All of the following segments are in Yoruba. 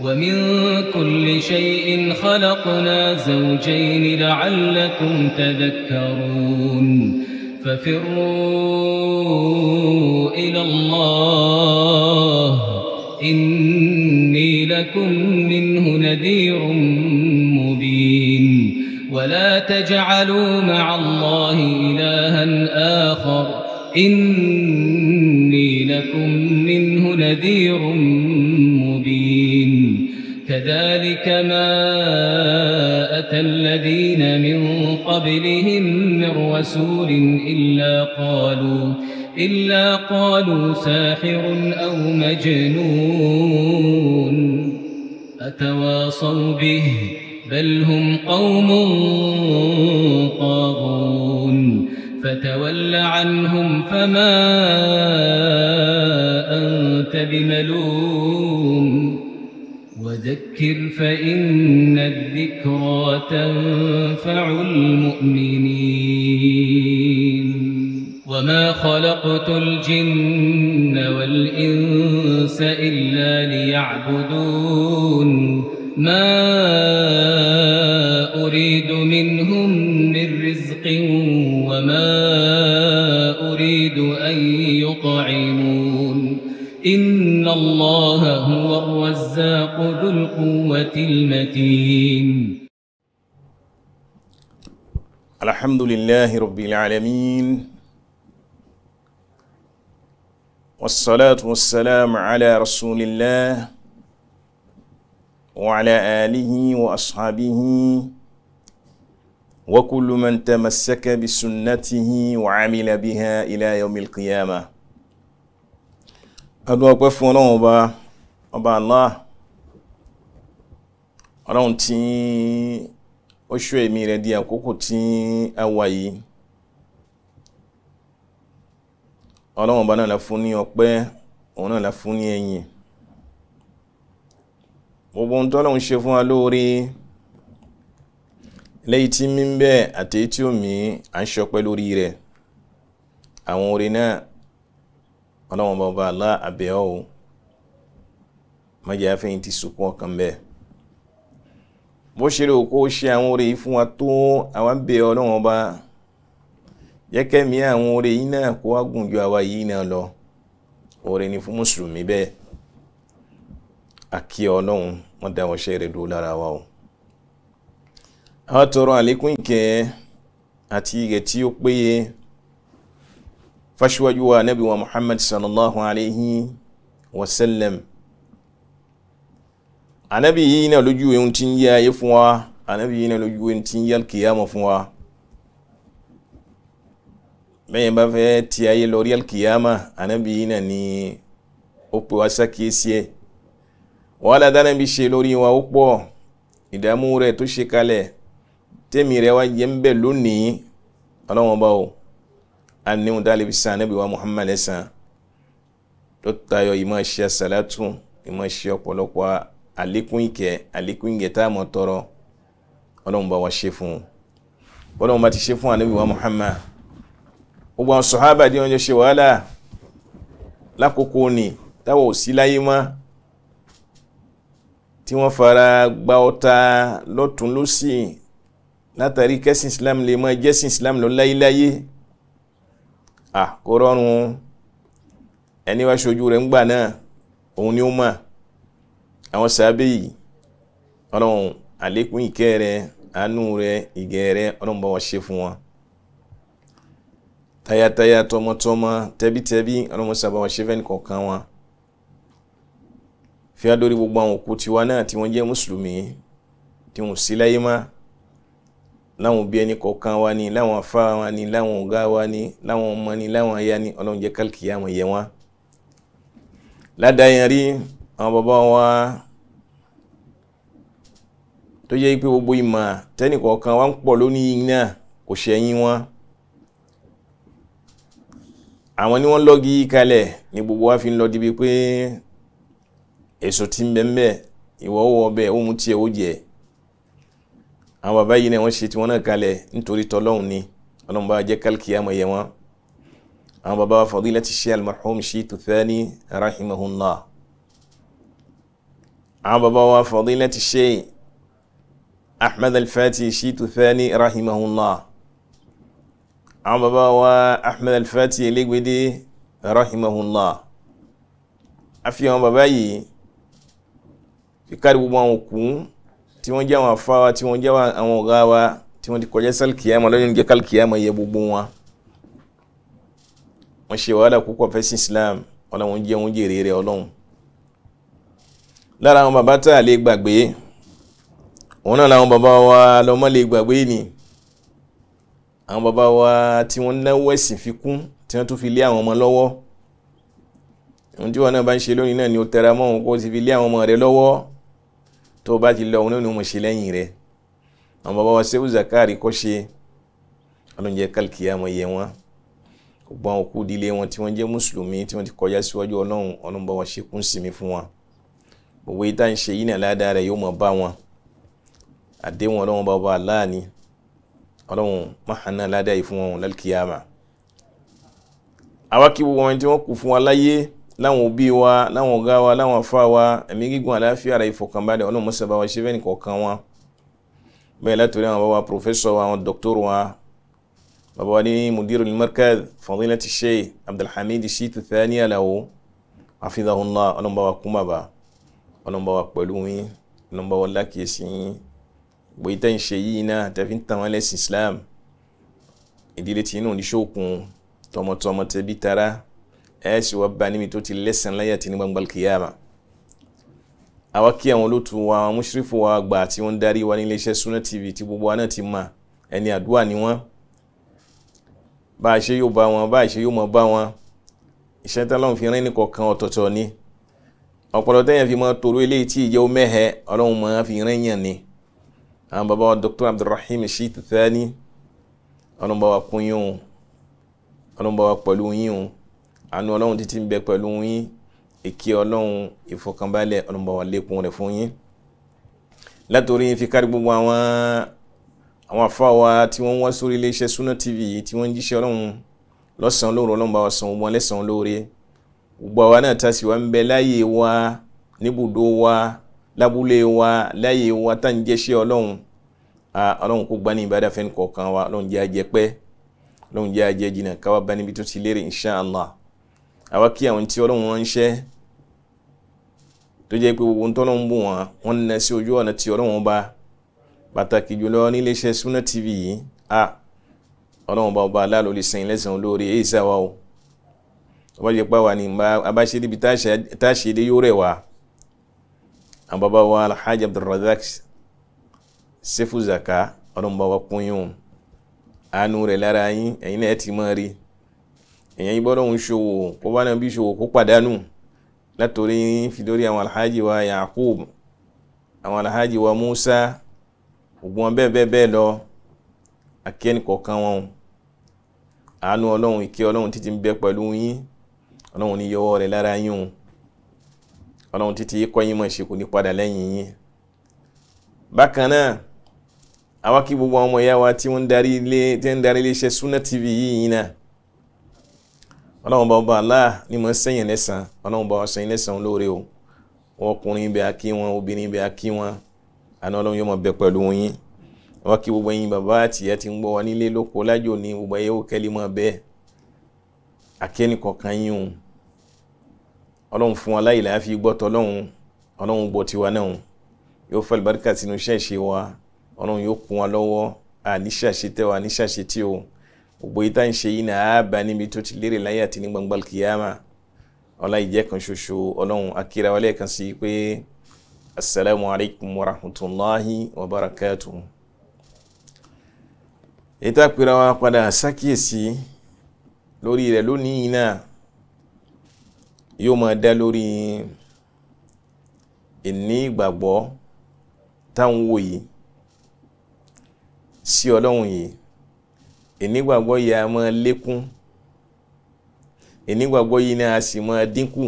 ومن كل شيء خلقنا زوجين لعلكم تذكرون ففروا إلى الله إني لكم منه نذير مبين ولا تجعلوا مع الله إلها آخر إني كذلك ما أتى الذين من قبلهم من رسول إلا قالوا إلا قالوا ساحر أو مجنون أتواصوا به بل هم قوم طاغون فتول عنهم فما أنت بملون وذكر فإن الذكرى تنفع المؤمنين وما خلقت الجن والإنس إلا ليعبدون ما إن الله هو الرزاق ذو القوة المتين الحمد لله رب العالمين والصلاة والسلام على رسول الله وعلى آله وأصحابه وكل من تمسك بسنته وعمل بها إلى يوم القيامة adúgbò fún ọlọ́run ọba ọba ọlọ́run tí ó ṣó ẹ̀mí rẹ̀ di àkókò tí a wà yìí ọlọ́run ọba náà la fún ní ọpẹ́ òun náà la fún ní ẹ̀yìn gbogbo ohun ṣe fún wa lóore lẹ́yìn tí lórí rẹ̀ àwọn orin náà ọlọ́wọ́n bá bá alá àbẹ̀wò mọ́jà fẹ́yìntì sunkún ọkàn bẹ́ẹ̀ bó ṣe rò kó ṣe àwọn oore yìí fún wa tó àwọn bẹ̀ ọlọ́wọ́n bá jẹ́kẹ́mi àwọn oore yìí náà kó wá gùn ju àwa yìí náà lọ oore ni fún mùsùlùmí bẹ́ẹ̀ àkí ọlọ́run wọ́n dá wọn ṣe rẹ̀ dúró lára wa o àwọn tọrọ àlékún ìkẹ́ àti ìgẹ̀ tí ó péye fáṣíwájú wa nabi wa muhammad sallallahu alayhi wa sallam anabi yìí náà lójú ohun tí ń yé ayé fún wa anabi yìí náà lójú ohun tí ń yé alkiyama fún wa bẹ́ẹ̀ bá fẹ́ ti ayé lórí alkiyama anabi yìí náà ni ó pè wá sákìyèsí ẹ̀ wàhálà dáná bí ṣe lórí wa ó pọ̀ ìdààmú rẹ̀ tó ṣe kalẹ̀ tẹ́mi rẹ̀ wá jẹ́ ń bẹ̀ lónìí ọlọ́wọ́n bá aniwu dali bi san anabi wa muhammad san tó tayọ ìmọ̀ ṣe salatu ìmọ̀ ṣe ọ̀pọ̀lọpọ̀ àlékún ìkẹ́ àlékún ìkẹ́ tá a mọ̀ tọrọ ọlọ́run bá wa ṣe fún un ọlọ́run bá ti ṣe fún wa muhammad gbogbo àwọn sọ̀hábà ní ọjọ́ ṣe wàhálà lákòókò ni táwọn ò sí láyé mọ́ tí wọ́n fara gba ọta lọ́tún lọ́sìn látàrí kẹ́sìn islam lè mọ́ jẹ́sìn islam lọ láyéláyé. Láyé kò rọrùn ẹni wá ṣojú rẹ̀ ńgbà náà òun ni ó mà àwọn sábẹ́ yìí ọlọ́run àlékún ìkẹ́ rẹ̀ àánú rẹ̀ ìgẹ̀ rẹ̀ ọlọ́run bá wọn ṣe fún wọn tayataya tọmọtọmọ tẹbítẹbí ọlọ́run sábà wọn ṣe fẹ́ nìkọ̀ọ̀kan wọn fi á gbogbo àwọn òkú tiwa náà tí wọ́n jẹ́ mùsùlùmí tí wọ́n sí láyé máa láwọn òbí ẹni kọ̀ọ̀kan wa ni láwọn afá wa ni láwọn ọ̀gá wa ni láwọn ọmọ ni láwọn aya ni ọlọ́run jẹ́ kálkì àwọn yẹn wá. ládàáyẹn rí àwọn bàbá wa tó jẹ́ pé gbogbo ìmọ̀ tẹ́nì kọ̀ọ̀kan wa ń pọ̀ lónìí náà kò ṣẹ̀yìn wọn. àwọn ni wọ́n lọ́gi kalẹ̀ ni gbogbo wa fi ń lọ dibi pé èso ti ń bẹ́ńbẹ́ ìwọ́ wọ ọbẹ̀ ó mú tiẹ̀ ó jẹ́ ẹ̀ àwọn bàbá yìí náà wọ́n ṣe tiwọn náà kalẹ̀ nítorí tọ́lọ́hún ni ọlọ́run bá jẹ́ kálkì àmọ́ yẹ wọn àwọn bàbá wa fadilati Sheikh al-marhum Shitu Thani rahimahullah àwọn bàbá wa fadilati Sheikh Ahmad al-Fati Shitu Thani rahimahullah àwọn bàbá wa Ahmad al-Fati Elegbede àfihàn bàbá yìí fi kárí gbogbo àwọn òkú tí wọ́n jẹ́ àwọn afáwa tí wọ́n jẹ́ àwọn ọ̀gá wa tí wọ́n ti kọjá sálkìyàmà lọ́yìn jẹ́ kálkìyàmà yẹ gbogbo wọn wọ́n ṣe wàhálà púpọ̀ fẹ́sìn Islam ọlọ́run jẹ́ oúnjẹ rere ọlọ́run lára àwọn bàbá tá a lè gbàgbé òun náà làwọn bàbá wa lọ́mọ lè gbàgbé ni àwọn bàbá wa tí wọ́n náwó ẹ̀sìn fi kún tí wọ́n tún fi lé àwọn ọmọ lọ́wọ́ ohun tí wọn náà bá ń ṣe lónìí náà ni ó tẹra mọ́ òun kó ti fi lé àwọn ọmọ rẹ lọ́wọ́ tó o bá ti lọ òun náà ni mo ṣe lẹ́yìn rẹ̀ àwọn bàbá wa sẹ́wù zakari kọ́ ṣe ọlọ́njẹ kálkìyà mọ̀ yẹ wọn gbọ́n òkú ìdílé wọn tí wọ́n jẹ́ mùsùlùmí tí wọ́n ti kọjá síwájú ọlọ́run ọlọ́run bá wọn ṣe kún sinmi fún wọn gbogbo yìí tá à ń ṣe yìí náà ládàá rẹ̀ yóò mọ̀ bá wọn àdéhùn ọlọ́run bá aláàní ọlọ́run máhànà ládàá yìí fún wọn lálkìyàmà àwa kí gbogbo wọn tí wọ́n kù fún wa láyé láwọn òbí wa láwọn ọ̀gá wa láwọn afá wa ẹ̀mí gígùn àlàáfíà ara ìfọ̀kànbalẹ̀ ọlọ́run mọ́sá bá wa ṣe fẹ́ nìkọ̀ọ̀kan wọn bẹ́ẹ̀ látòrí àwọn bàbá pòfẹ́sọ̀ wa àwọn dọ́kítọ́rù wa bàbá wa ní mudiru al-markaz fadilati sheikh abdulhamid shitu thani alawo hafidhahullah ọlọ́run bá wa kún bàbá ọlọ́run bá wa pẹ̀lú yín ọlọ́run bá wa lákèésí yín bóyí tẹ́ ṣe yìí náà tẹ́fí ń tàn wọ́n lẹ́sìn islam ìdílé tí inú oníṣòkun tọmọtọmọ tẹbí tara ẹ sì wá bá níbi tó ti lẹ́sàn láyà tí ní gbangba kìyàmà àwa kí àwọn olóòtú wa àwọn mùsírìfù wa gbà tí wọ́n darí wa ní iléeṣẹ́ Sunna TV tí gbogbo wa náà ti mà ẹni àdúrà ni wọ́n bá a ṣe yóò bá wọn bá a ṣe yóò mọ bá wọn iṣẹ́ tí Ọlọ́run fi rán ní kọ̀ọ̀kan ọ̀tọ̀ọ̀tọ̀ ni ọ̀pọ̀lọpọ̀ tẹ́yìn fi mọ́ toró eléyìí tí ìjẹ́ omẹ́hẹ Ọlọ́run máa fi rán yàn ni àwọn bàbá wa Dr. Abdulrahim Shittu Thani Ọlọ́run bá wa kún yín o Ọlọ́run bá wa pẹ̀lú yín o àánú ọlọ́run títí ń bẹ pẹ̀lú yín èké ọlọ́run ìfọkànbalẹ̀ ọlọ́mọba lékun rẹ̀ fún yín látòrí fi kárí gbogbo àwọn àwọn afáwa tí wọ́n wá sórí iléeṣẹ́ Sunna TV tí wọ́n ń jíṣẹ́ ọlọ́run lọ́sàn-án lóru ọlọ́mọba wa san wọn lẹ́sàn-án lóore gbogbo àwa náà tá a sì wá ń bẹ láyé wa níbùdó wa lábúlé wa láyé wa tá à ń jẹ́ṣẹ́ ọlọ́run ọlọ́run kó gbani ìbádàfẹ́ nìkọ̀ọ̀kan wa ọlọ́run jẹ́ ajẹ́pẹ́ ọlọ́run jẹ́ ajẹ́ jìnnà káwá bá níbi tó ti lérè inṣáàlá àwa kí àwọn tí ọlọ́run ránṣẹ́ tó jẹ́ pé gbogbo ntọ́lọ́run bò wọ́n wọ́n ń lẹ sí ojú ọ̀nà tí ọlọ́run bá pàtàkì jùlọ níléeṣẹ́ Sunna TV yìí a ọlọ́run bá ọba aláàlú lè sẹ́yìn lẹ́sàn olóore èyí sáwà o ọba jẹ́ pàwà ní bá abáṣe níbi táṣe dé yóò rẹ̀ wá àwọn wa Alhaji Abdulrazak Sefu Zaka ọlọ́run bá wa kún yín àánú rẹ̀ lára yín ẹ̀yin náà ti máa rí èèyàn yìí bọ́dọ̀ ń ṣòwò kó bá náà bí ṣòwò kó pàdánù látòrí fìdórí àwọn alhaji wa Yakub àwọn alhaji wa Musa ògùn wọn bẹ́ẹ̀ bẹ́ẹ̀ bẹ́ẹ̀ lọ akẹ́ni kọ̀ọ̀kan wọn àánú ọlọ́run ìkẹ́ ọlọ́run títí ń bẹ pẹ̀lú yín ọlọ́run ní yọwọ́ rẹ̀ lára yín ọlọ́run títí kọ́ yín mọ̀ ṣe kò ní padà lẹ́yìn yín bákan náà àwa kí gbogbo àwọn ọmọ ìyá wa tí wọ́n ń darí iléeṣẹ́ Sunna TV yìí náà ọlọ́run bá ọba aláà ní mọ̀ sẹ́yìn lẹ́sàn ọlọ́run bá wọn sẹ́yìn lẹ́sàn lóore o wọn ọkùnrin bẹ́ẹ̀ akí wọn obìnrin bẹ́ẹ̀ akí wọn àná ọlọ́run yóò máa bẹ pẹ̀lú wọn yín wọn kí gbogbo yín bàbá àtìyẹ ti ń gbọ́ wa nílé lóko lájò ní gbogbo ayé ó kẹ́lí mọ́ bẹ́ẹ̀ akẹ́ni kọ̀ọ̀kan yín o ọlọ́run fún wa láyè láàfi gbọ́ tọ́lọ́run ọlọ́run gbọ́ tiwa náà yóò fẹ́ wa gbogbo yìí tá ń ṣe yìí náà á bá níbi tó ti lérè láyé àti ní gbangba kìyàmà ọlá ìjẹ́ kan ṣoṣo ọlọ́run akíra wọlé kan sí pé assalamu alaikum wa rahmatulahi wa barakatu. èyí tá a pèrè wa padà ṣàkíyèsí lórí rẹ̀ lónìí náà yóò máa dá lórí ìní ìgbàgbọ́ táwọn wò yìí sí ọlọ́run yìí ìnígbàgbọ́ yìí a máa lékún ìnígbàgbọ́ yìí ni a sì máa dínkù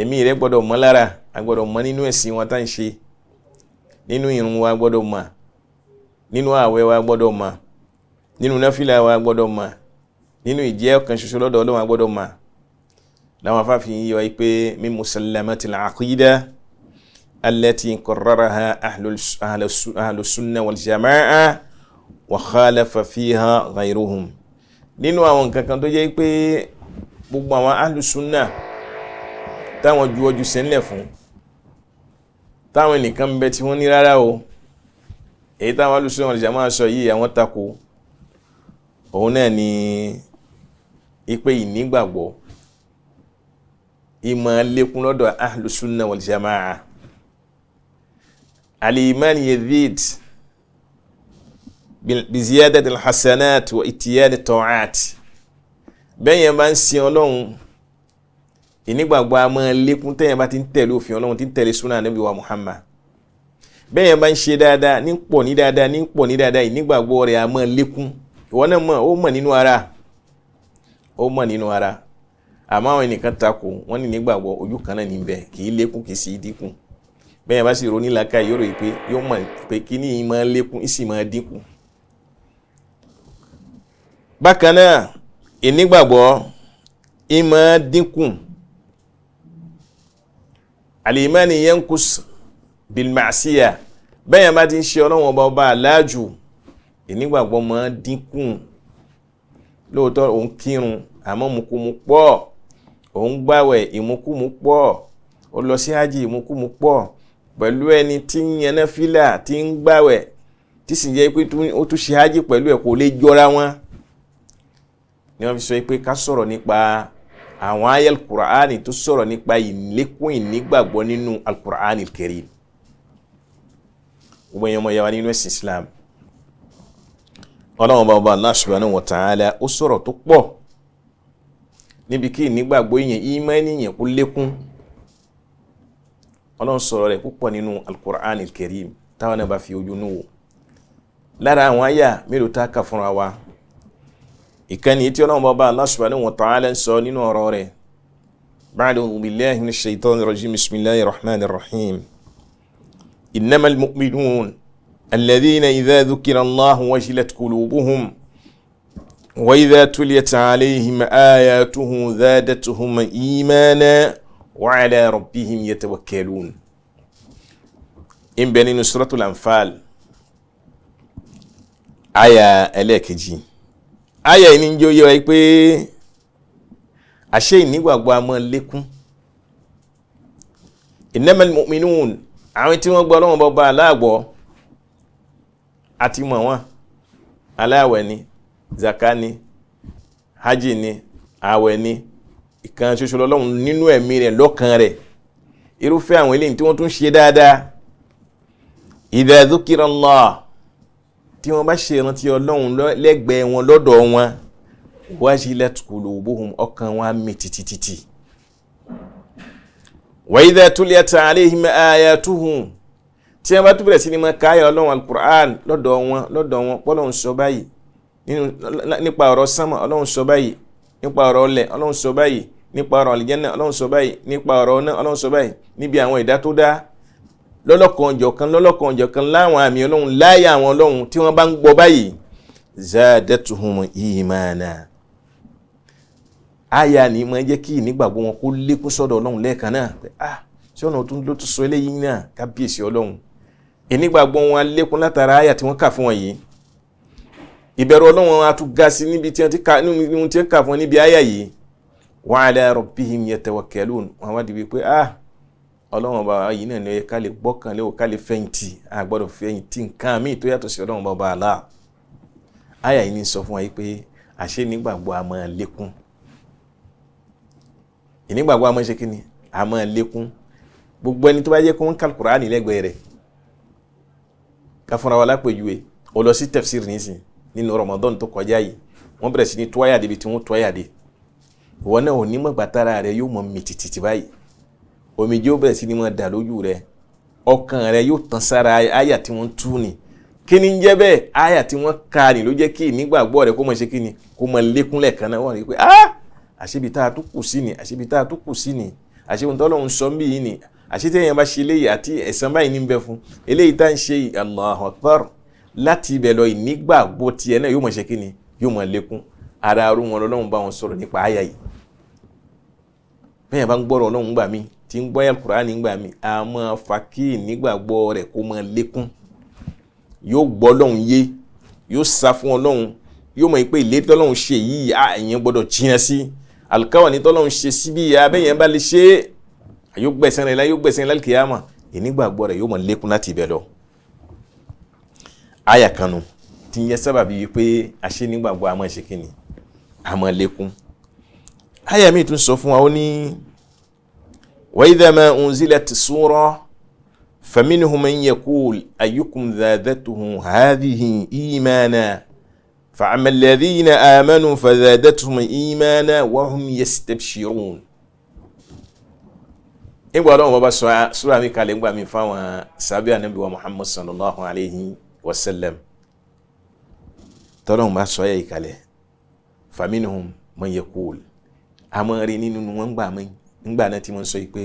ẹ̀mí rẹ gbọ́dọ̀ mọ́ lára a gbọ́dọ̀ mọ́ nínú ẹ̀sìn wọn tá ń ṣe nínú irun wa gbọ́dọ̀ mọ́ nínú ààwẹ̀ wa gbọ́dọ̀ mọ́ nínú náfìlà wa gbọ́dọ̀ mọ́ nínú ìjẹ́ ọ̀kan ṣoṣo lọ́dọ̀ Ọlọ́run gbọ́dọ̀ mọ́ làwọn afáfin yìí wáyé pé mímú sàlámàtì làákìdá allati qarraraha ahlus sunna wal jamaa wa khalafa fiha ghayruhum nínú àwọn nǹkan kan tó jẹ́ pé gbogbo àwọn alùsùnà táwọn ju ojú sẹ́ńlẹ̀ fún táwọn nìkan ń bẹ tí wọ́n ní rárá o èyí táwọn alùsùnà wal jamaa sọ yìí àwọn tako òun náà ni ipe ìnígbàgbọ́ ìmọ̀ lékún lọ́dọ̀ alùsùnà wal jamaa al-iman biziyada del hasanat wa itiyani ta'at bẹ́ẹ̀ yẹn máa ń sin ọlọ́run ìnígbàgbọ́ a máa lékún tẹ́yìn bá ti ń tẹ̀lé òfin ọlọ́run ti ń tẹ̀lé súnà ànábì wa muhammad bẹ́ẹ̀ yẹn máa ń ṣe dáadáa ní pọ̀ ní dáadáa ní pọ̀ ní dáadáa ìnígbàgbọ́ rẹ̀ a máa lékún ìwọ náà mọ̀ ó mọ̀ nínú ara ó mọ̀ nínú ara àmọ́ àwọn ẹnìkan takò wọ́n ní nígbàgbọ́ ojú kan náà níbẹ̀ kì í lékún kì í sì dínkù bẹ́ẹ̀ yẹn bá sì ronú làákàyè yóò rò yìí pé yóò mọ̀ pé kíní yìí máa lékún ìsì máa dínkù bákan náà ìnígbàgbọ́ ìmọ̀ dínkù alìmọ́ni yankus bilmasiya bẹ́yàn bá ti ń ṣe ọlọ́wọ́n ọba ọba aláàjù ìnígbàgbọ́ mọ́ dínkù lóòótọ́ òun kírun àmọ́ mukumu pọ̀ òun gbàwẹ̀ ìmukumu pọ̀ ó lọ sí hájì ìmukumu pọ̀ pẹ̀lú ẹni tí ń yẹnẹ́ fílà tí ń gbàwẹ̀ tí sì jẹ́ pé ó tún ṣe hájì pẹ̀lú ẹ̀ kò lè jọra wọn ni wọ́n fi sọ pé ká sọ̀rọ̀ nípa àwọn ayé alukur'ani tó sọ̀rọ̀ nípa ìlékún ìnígbàgbọ́ nínú alukur'ani Karim gbogbo ẹ̀yàn ọmọ yàrá nínú ẹ̀sìn Islam ọlọ́run bá ọba Allah subhanahu wa ta'ala ó sọ̀rọ̀ tó pọ̀ níbi kí ìnígbàgbọ́ èèyàn ìmánì èèyàn kó lékún ọlọ́run sọ̀rọ̀ rẹ̀ púpọ̀ nínú alukur'ani Karim táwọn náà bá fi ojú nù wò lára àwọn àyà mélòó tá a kà fúnra wa ikani iti ọlọ́run bá bá Allah subhanahu wa ta'ala ń sọ nínú ọ̀rọ̀ rẹ̀ ba'du billahi minash shaitanir rajim bismillahir rahmanir rahim innamal mu'minun alladhina idha dhukira allah wajilat qulubuhum wa idha tuliyat alayhim ayatuhu zadatuhum imana wa ala rabbihim yatawakkalun in bẹ nínú suratul anfal aya ẹlẹ́ẹ̀kejì ayẹ̀ ní jẹ́ oyé wa pé àṣẹ ìnígbàgbọ́ a máa lékún innamal mu'minun àwọn tí wọ́n gbọ́ ọlọ́run bọ́ bá aláàgbọ́ àti mọ̀ wọ́n aláàwẹ̀ ni zaka ni hajj ni àwẹ̀ ni ìkan ṣoṣo lọ́lọ́run nínú ẹ̀mí rẹ̀ lọ́kàn rẹ̀ irúfẹ́ àwọn eléyìí tí wọ́n tún ṣe dáadáa idha tí wọ́n bá ṣe ìrántí ọlọ́run lẹ́gbẹ̀ẹ́ wọn lọ́dọ̀ wọn wajilat qulubuhum ọkàn wọn á mì títítítì. wa idha tuliyat alayhim ayatuhum tí wọ́n bá tún bẹ̀rẹ̀ sí ni máa káyọ̀ ọlọ́run alukur'an lọ́dọ̀ wọn lọ́dọ̀ wọn pọ́lọ́run sọ báyìí nípa ọ̀rọ̀ sánmà ọlọ́run sọ báyìí nípa ọ̀rọ̀ ọlẹ̀ ọlọ́run sọ báyìí nípa ọ̀rọ̀ àlìjẹ́nà ọlọ́run sọ báyìí nípa ọ̀rọ̀ ọ̀nà ọlọ́run sọ báyìí níbi àwọn ìdá tó dáa lọ́lọ́kan ọ̀jọ̀kan lọ́lọ́kan ọ̀jọ̀kan láwọn àmì ọlọ́run láyé àwọn ọlọ́run tí wọ́n bá ń gbọ́ báyìí zadatuhum imana àyà ni máa jẹ́ kí ìnígbàgbọ́ wọn kó lékún sọ́dọ̀ ọlọ́run lẹ́ẹ̀kan náà pé ah ṣé ọ̀nà tó ló tún sọ eléyìí náà kábíyèsí ọlọ́run ìnígbàgbọ́ wọn lékún látara àyà tí wọ́n kà fún wọn yìí ìbẹ̀rù ọlọ́run a tún ga sí níbi tí wọ́n ti kà fún wọn níbi àyà yìí wa ala rabbihim yatawakkalun àwọn àdìbí pé ah ọlọ́run ọba yìí náà ni ká lè gbọ́kàn lé ká lè fẹ̀yìntì a gbọ́dọ̀ fẹ̀yìntì nǹkan míì tó yàtọ̀ sí ọlọ́run ọba àlá àyà yìí ni sọ fún wa yìí pé àṣẹ nígbàgbọ́ a máa lékún ìnígbàgbọ́ a máa ṣe kíni a máa lékún gbogbo ẹni tó bá yẹ kó ń kàlù Kùránì lẹ́gbẹ̀ẹ́ rẹ̀ ká fúnra wa lápèjúwe o lọ sí tẹ̀fsìrì nísìn nínú Ramadan tó kọjá yìí wọ́n bẹ̀rẹ̀ sí ní tuwáyà débi tí wọ́n tuwáyà dé ìwọ náà ò omijé ó bẹ̀rẹ̀ sí ni máa dà lójú rẹ ọkàn rẹ yóò tán sára àyà tí wọ́n tú ni kí ni ń jẹ́ bẹ́ẹ̀ àyà tí wọ́n ka ni ló jẹ́ kí ìnígbàgbọ́ rẹ kó mọ̀ ṣe kí ni kó mọ̀ lékúnlẹ̀ kan náà wọ́n rí i pé ah àṣebi tá a tó kù sí ni àṣebi tá a tó kù sí ni àṣebi tó lọ́hún sọ mí yìí ni àṣetí èèyàn bá ṣe eléyìí àti ẹ̀san báyìí ní bẹ fún eléyìí tá à ṣe Allahu Akbar láti ibẹ̀ lọ ìnígbàgbọ́ tiẹ̀ náà yóò mọ̀ ṣe kí ni yóò mọ̀ lékún ara arú wọn lọ́lọ́run bá wọn sọ̀rọ̀ nípa àyà yìí bẹ́ẹ̀ bá ń gbọ́rọ̀ ọlọ́run gbà míì tí ń gbọ́ alukur'an nígbà mi a máa fa kí ìnígbàgbọ́ rẹ̀ kó máa lékún yóò gbọ́ lọ́hùn yé yóò sá fún ọlọ́hun yóò mọ̀ pé ìlérí tọ́lọ́hun ṣe yìí a ẹ̀yẹn gbọ́dọ̀ jìnnà sí alukawa ní tọ́lọ́hun ṣe síbi abẹ́yẹn bá lè ṣe é yóò gbẹ̀sẹ̀ rẹ̀ yóò gbẹ̀sẹ̀ rẹ̀ lálùkìyàmà ìnígbàgbọ́ rẹ̀ yóò máa lékún láti ibẹ̀ lọ. àyà kanu ti yẹ sábàbí wípé àṣẹ nígbàgbọ́ a máa ṣe kíni a máa lékún. àyà mi tún sọ fún wa ó ní. Ni وإذا ما أنزلت سورة فمنهم من يقول أيكم زادته هذه إيمانا فأما الذين آمنوا فزادتهم إيمانا وهم يستبشرون إن بعد ما بس سورة ميكا لنبع من فاوة سابعة نبي محمد صلى الله عليه وسلم ترون ما سوى فمنهم من يقول أمرني ننوان بامين nígbà náà tí mo sọ yìí pé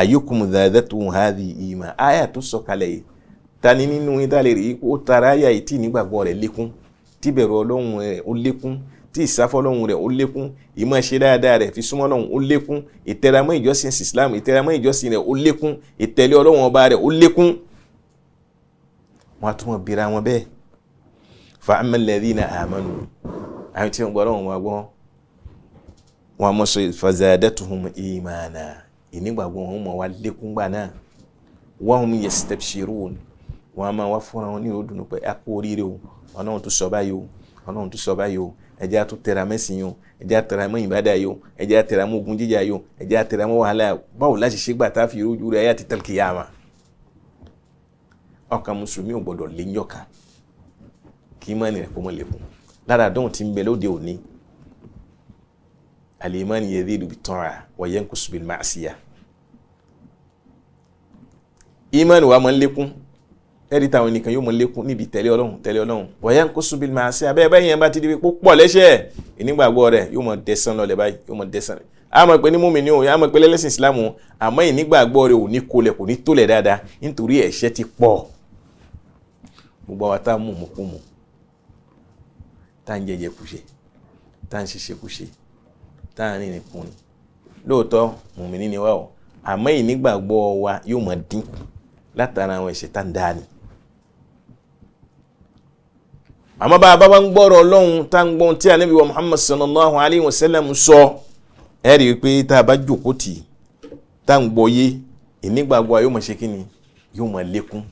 àyíkùn dàdẹ́tù hàdí ìmọ̀ àyà tó sọ̀kalẹ̀ yìí ta ni nínú yín tá lè rí ó tara àyà yìí tí nígbàgbọ́ rẹ̀ lékún tí bẹ̀rù ọlọ́run rẹ̀ ó lékún tí ìsáfọ́ ọlọ́run rẹ̀ ó lékún ìmọ̀ ṣe dáadáa rẹ̀ fi súnmọ́ ọlọ́run ó lékún ìtẹramọ́ ìjọsìn Islam ìtẹramọ́ ìjọsìn rẹ̀ ó lékún ìtẹ̀lé ọlọ́run ọba rẹ̀ ó lékún wọn tún mọ̀ bíra wọn bẹ́ẹ̀ fa amẹ́lẹ́rì náà àmọ́nu àwọn tí wọ́n gbọ́ ọlọ́run wọn gbọ́ wọn mọ̀ sọ fazadatuhum imana ìnígbàgbọ́ wọn mọ̀ wá lékún gbà náà wọn hum yastabshirun wọn máa wá fúnra wọn ní ìròdùn pé a kú oríire o ọlọ́run tó sọ báyìí o ọlọ́run tó sọ báyìí o ẹ̀jẹ̀ àtún tẹ̀ra mẹ́sìn yìí o ẹ̀jẹ̀ àtẹ̀ra mọ́ ìbádà yìí o ẹ̀jẹ̀ àtẹ̀ra mọ́ ogun jíjà yìí o ẹ̀jẹ̀ àtẹ̀ra mọ́ wàhálà báwo láti ṣe gbà tá al-iman yazidu bit-ta'a wa yanqusu bil-ma'siyah ìmánì wa máa ń lékún ẹ̀rí táwọn nìkan yóò máa ń lékún níbi tẹ̀lé ọlọ́run tẹ̀lé ọlọ́run wa yanqusu bil-ma'siyah abẹ́ báyìí yẹn bá ti di pé púpọ̀ lẹ́sẹ̀ ìnígbàgbọ́ rẹ̀ yóò máa dẹ́sán lọlẹ̀ báyìí yóò máa dẹ́sán lẹ̀ àmọ́ pé ní mùmínì o àmọ́ pé lẹ́lẹ́sìn Islam o àmọ́ ìnígbàgbọ́ rẹ̀ ò ní kolẹ̀ kò ní tólẹ̀ dáadáa nítorí ẹ̀ṣẹ̀ ti pọ̀ gbogbo àwa tá a mú mú mu tá a jẹjẹ kúṣe tá a ń ṣiṣẹ́ táàrin nìkún ni lóòótọ́ mùmíní ni wá o àmọ́ ìnígbàgbọ́ wa yóò mọ̀ dínkù látara àwọn ẹ̀ṣẹ̀ ń dá ni àmọ́ bá a bá ń gbọ́rọ̀ ọlọ́run tá ń gbọ́n tí ànábì wa muhammad sallallahu alayhi wa sallam sọ ẹ rí i pé tá a bá jókòó tì tá ń gbọ́ yé ìnígbàgbọ́ yóò mọ̀ ṣe kí ni yóò mọ̀ lékún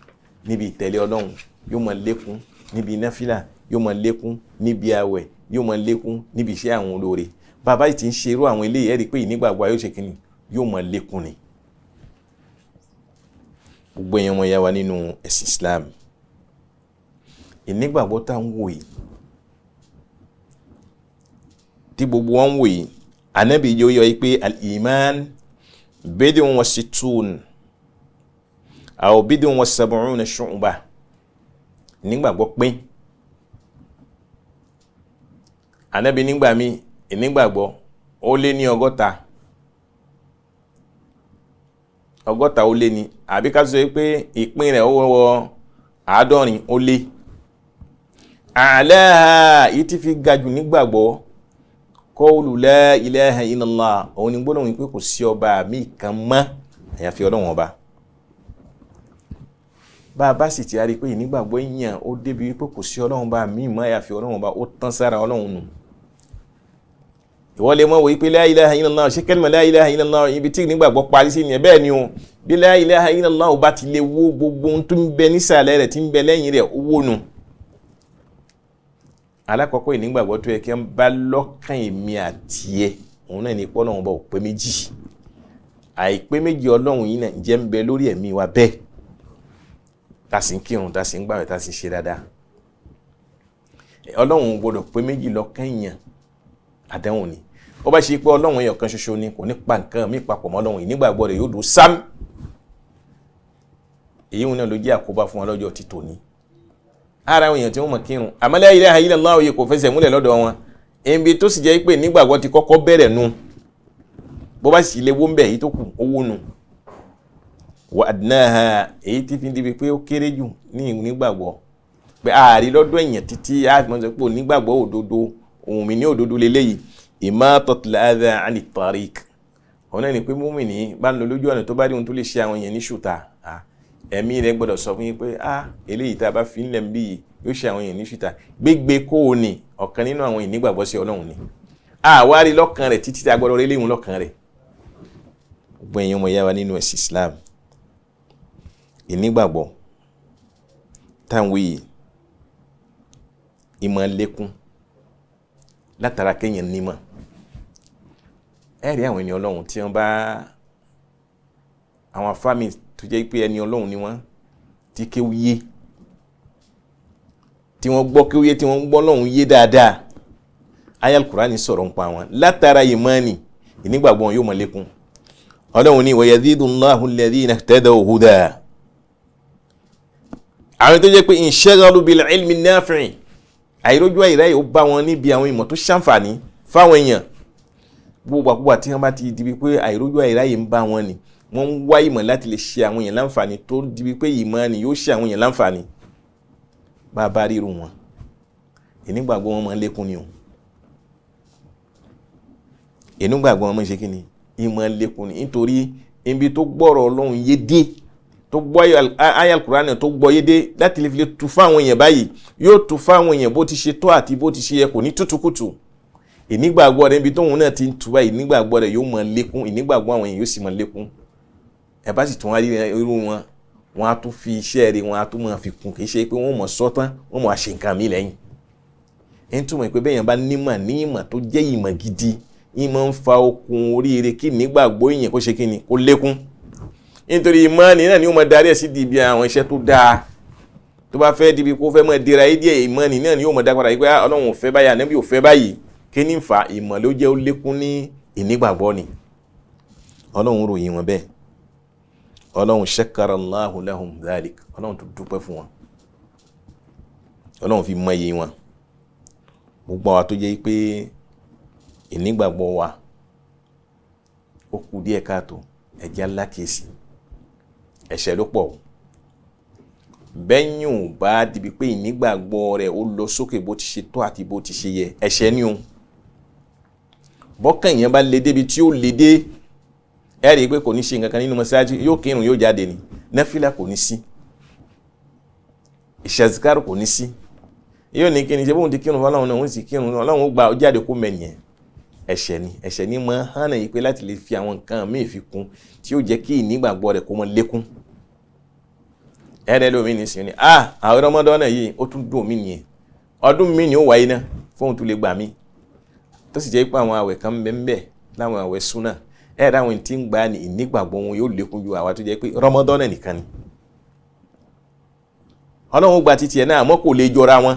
níbi ìtẹ̀lé ọlọ́run yóò mọ̀ lékún níbi náfìlà yóò mọ̀ lékún níbi àwẹ̀ yóò mọ̀ lékún níbi iṣẹ́ àwọn olóore bàbá yìí ti ń ṣe irú àwọn eléyìí ẹ rí i pé ìnígbàgbọ́ ayé ó ṣe kínní yóò mọ lékún ni gbogbo èèyàn wọn yá wa nínú ẹ̀sìn Islam ìnígbàgbọ́ tá ń wò yìí tí gbogbo wọn ń wò yìí anabi yóò yọ yìí pé al-iman bidun wa situn aw bidun wa sab'una shu'ba nígbàgbọ́ pín anabi nígbà míì ìnígbàgbọ́ ó lé ní ọgọ́ta ọgọ́ta ó lé ní àbí ká sọ pé ìpín rẹ̀ ó wọ àádọ́rin ó lé àlẹ́ yìí ti fi gajù jù nígbàgbọ́ kọ́ọ̀lù ilẹ̀ ẹ̀hẹ̀ illallah òun ni gbọ́dọ̀ wípé kò sí ọba mi kan mọ́ àyàfi ọlọ́run ọba bá a bá sì ti a rí ọlọ́run ọba ìwọ́n lè mọ̀ wòye pé la ilaha illallah ṣé kẹ́lìmọ̀ la ilaha illallah ibi tí nígbàgbọ́ parí sí nìyẹn bẹ́ẹ̀ ni o bí la ilaha illallah ò bá ti lè wó gbogbo ohun tó ń bẹ nísàlẹ̀ rẹ̀ tí ń bẹ lẹ́yìn rẹ̀ owó nu. alákọ̀ọ́kọ́ ìnígbàgbọ́ tó yẹ kí wọ́n bá lọ́kàn èmi àti ẹ òun náà ní pọ́nà wọn bá ò pé méjì àìpé méjì ọlọ́run yìí náà jẹ́ ń bẹ lórí ẹ̀mí wa bẹ́ẹ̀ ọlọ́run gbọ́dọ̀ pé méjì lọ́kàn èèyàn àdéhùn ni ó bá ṣe pé ọlọ́run èèyàn kan ṣoṣo ni kò ní pa nǹkan mí papọ̀ mọ́ ọlọ́run ìnígbàgbọ́ rẹ̀ yóò dùn sám èyí wọn náà ló jẹ́ àkóbá fún wọn lọ́jọ́ ti tòní ara àwọn èèyàn tí wọ́n mọ̀ kírun àmọ́ la ilaha illallah òye kò fẹsẹ̀ múlẹ̀ lọ́dọ̀ wọn ibi tó sì jẹ́ pé nígbàgbọ́ ti kọ́kọ́ bẹ̀rẹ̀ nu bó bá sì lewó ń bẹ̀ èyí tó kù owó nu wà èyí ti fi dibi pé ó kéré jù ní ìgbàgbọ́ pé ààrí lọ́dọ̀ èèyàn títí àfihàn sọ pé onígbàgbọ́ òdodo ohun mi ní òdodo leléyìí imatatul adha anit tariq ọ̀nà ni pé mùmínì bá ń lọ lójú ọ̀nà tó bá rí ohun tó lè ṣe àwọn èèyàn ní ṣùtà ẹ̀mí rẹ̀ gbọ́dọ̀ sọ fún yín pé ah eléyìí tá a bá fi ń lẹ̀ ń bí yìí yóò ṣe àwọn èèyàn ní ṣùtà gbégbé kó o ní ọ̀kan nínú àwọn ìnígbàgbọ́ sí ọlọ́run ni àwárí lọ́kàn rẹ̀ títí tá a gbọ́dọ̀ reléhùn lọ́kàn látara kéèyàn nímọ̀ ẹ rí àwọn ènìyàn ọlọ́run tí wọ́n bá àwọn afámi tó jẹ́ pé ẹni ọlọ́run ni wọ́n ti kéwú yé tí wọ́n gbọ́ kéwú yé tí wọ́n gbọ́ ọlọ́run yé dáadáa ayal kurani sọ̀rọ̀ nípa wọn látara ìmánì ìnígbàgbọ́ wọn yóò mọ̀ lékún ọlọ́run ní wa yazidullahu alladhina ihtadaw huda àwọn tó jẹ́ pé inshaghalu bil ilmi nafi'i àìrójú àìrá yìí ó bá wọn níbi àwọn ìmọ̀ tó ṣàǹfààní fáwọn èèyàn gbogbo àkókò tí wọ́n bá ti di wípé àìrójú àìrá yìí ń bá wọn ni wọ́n ń wá ìmọ̀ láti lè ṣe àwọn èèyàn láǹfààní tó di wípé ìmọ̀ ni yóò ṣe àwọn èèyàn láǹfààní bá a bá ríru wọn ìnígbàgbọ́ wọn máa ń lékún ni o ìnígbàgbọ́ wọn máa ń ṣe kí ni ìmọ̀ lékún ni nítorí ibi tó gbọ́rọ̀ ọlọ́run yé dé tó gbọ́ ayé alukurani tó gbọ́ yédé láti lè fi lè tu fáwọn èèyàn báyìí yóò tu fáwọn èèyàn bó ti ṣe tọ́ àti bó ti ṣe yẹ kò ní tútukùtù ìnígbàgbọ́ rẹ̀ ibi tóun náà ti ń tu báyìí ìnígbàgbọ́ rẹ̀ yóò máa lékún ìnígbàgbọ́ àwọn èèyàn yóò sì máa lékún ẹ bá sì tún wá rí irú wọn wọn á tún fi iṣẹ́ rẹ̀ wọn á tún máa fi kún kì í ṣe pé wọ́n mọ̀ sọ́tán wọ́n mọ̀ àṣe nǹkan mi lẹ́yìn ẹ̀ ń túmọ̀ pé bẹ́yàn bá nímọ̀ ní ìmọ̀ tó jẹ́ ìmọ̀ gidi ìmọ̀ ń fa okun oríire kí ìnígbàgbọ́ èèyàn kó ṣe kí ni kó lékún nítorí ìmánì náà ni ó máa darí ẹ̀ sí dìbì àwọn iṣẹ́ tó dáa tó bá fẹ́ dìbì kó fẹ́ máa dira ayé díẹ̀ ìmánì náà ni ó máa dá padà yìí pé ah, ọlọ́run ò fẹ́ báyìí ànábì ò fẹ́ báyìí kí ní fa ìmọ̀ ló jẹ́ ó lékún ní ìnígbàgbọ́ ni ọlọ́run ròyìn wọn bẹ́ẹ̀ ọlọ́run shakara Allahu lahum dhalik ọlọ́run tó dúpẹ́ fún wọn ọlọ́run fi mọ iye wọn gbogbo àwa tó jẹ́ pé ìnígbàgbọ́ wa ó kù díẹ̀ káàtó ẹ̀já lákèsí ẹ̀ṣẹ̀ ló pọ̀ bẹ́yìn ò bá dibi pé ìnígbàgbọ́ rẹ̀ ó lọ sókè bó ti ṣe tó àti bó ti ṣe yẹ ẹ̀ṣẹ̀ ni o bọ́kàn yẹn bá le débi tí ó le dé ẹ rí i pé kò ní ṣe nǹkan kan nínú mọ́ṣáájú yóò kírun yóò jáde ni náfìlà kò ní sí ìṣàzìkárò kò ní sí yóò ní kí ni ṣe bóun ti kírun fọláwọn náà òun sì kírun náà ọlọ́run ó gba ó kó mẹ́nìyàn ẹ̀ṣẹ̀ ni ẹ̀ṣẹ̀ ni mọ́ hánà yìí pé láti lè fi àwọn nǹkan míì fi kún tí yóò jẹ́ kí ìnígbàgbọ́ rẹ̀ kó mọ́ lékún ẹ̀rẹ́ lómi ní sinmi ah àwọn ọmọdọ́nà yìí ó tún dùn mí nìyẹn ọdún mi ni ó wáyé náà fóun tún lè gbà mí tó sì jẹ́ pé àwọn àwẹ̀ kan bẹ́ẹ̀ láwọn àwẹ̀ súnà ẹ̀ ráwọn tí ń gba ni ìnígbàgbọ́ wọn yóò lékún ju àwa tó jẹ́ pé rọmọdọ́nà nìkan ni ọlọ́run gba titi ẹ̀ náà àmọ́ kò lè jọra wọn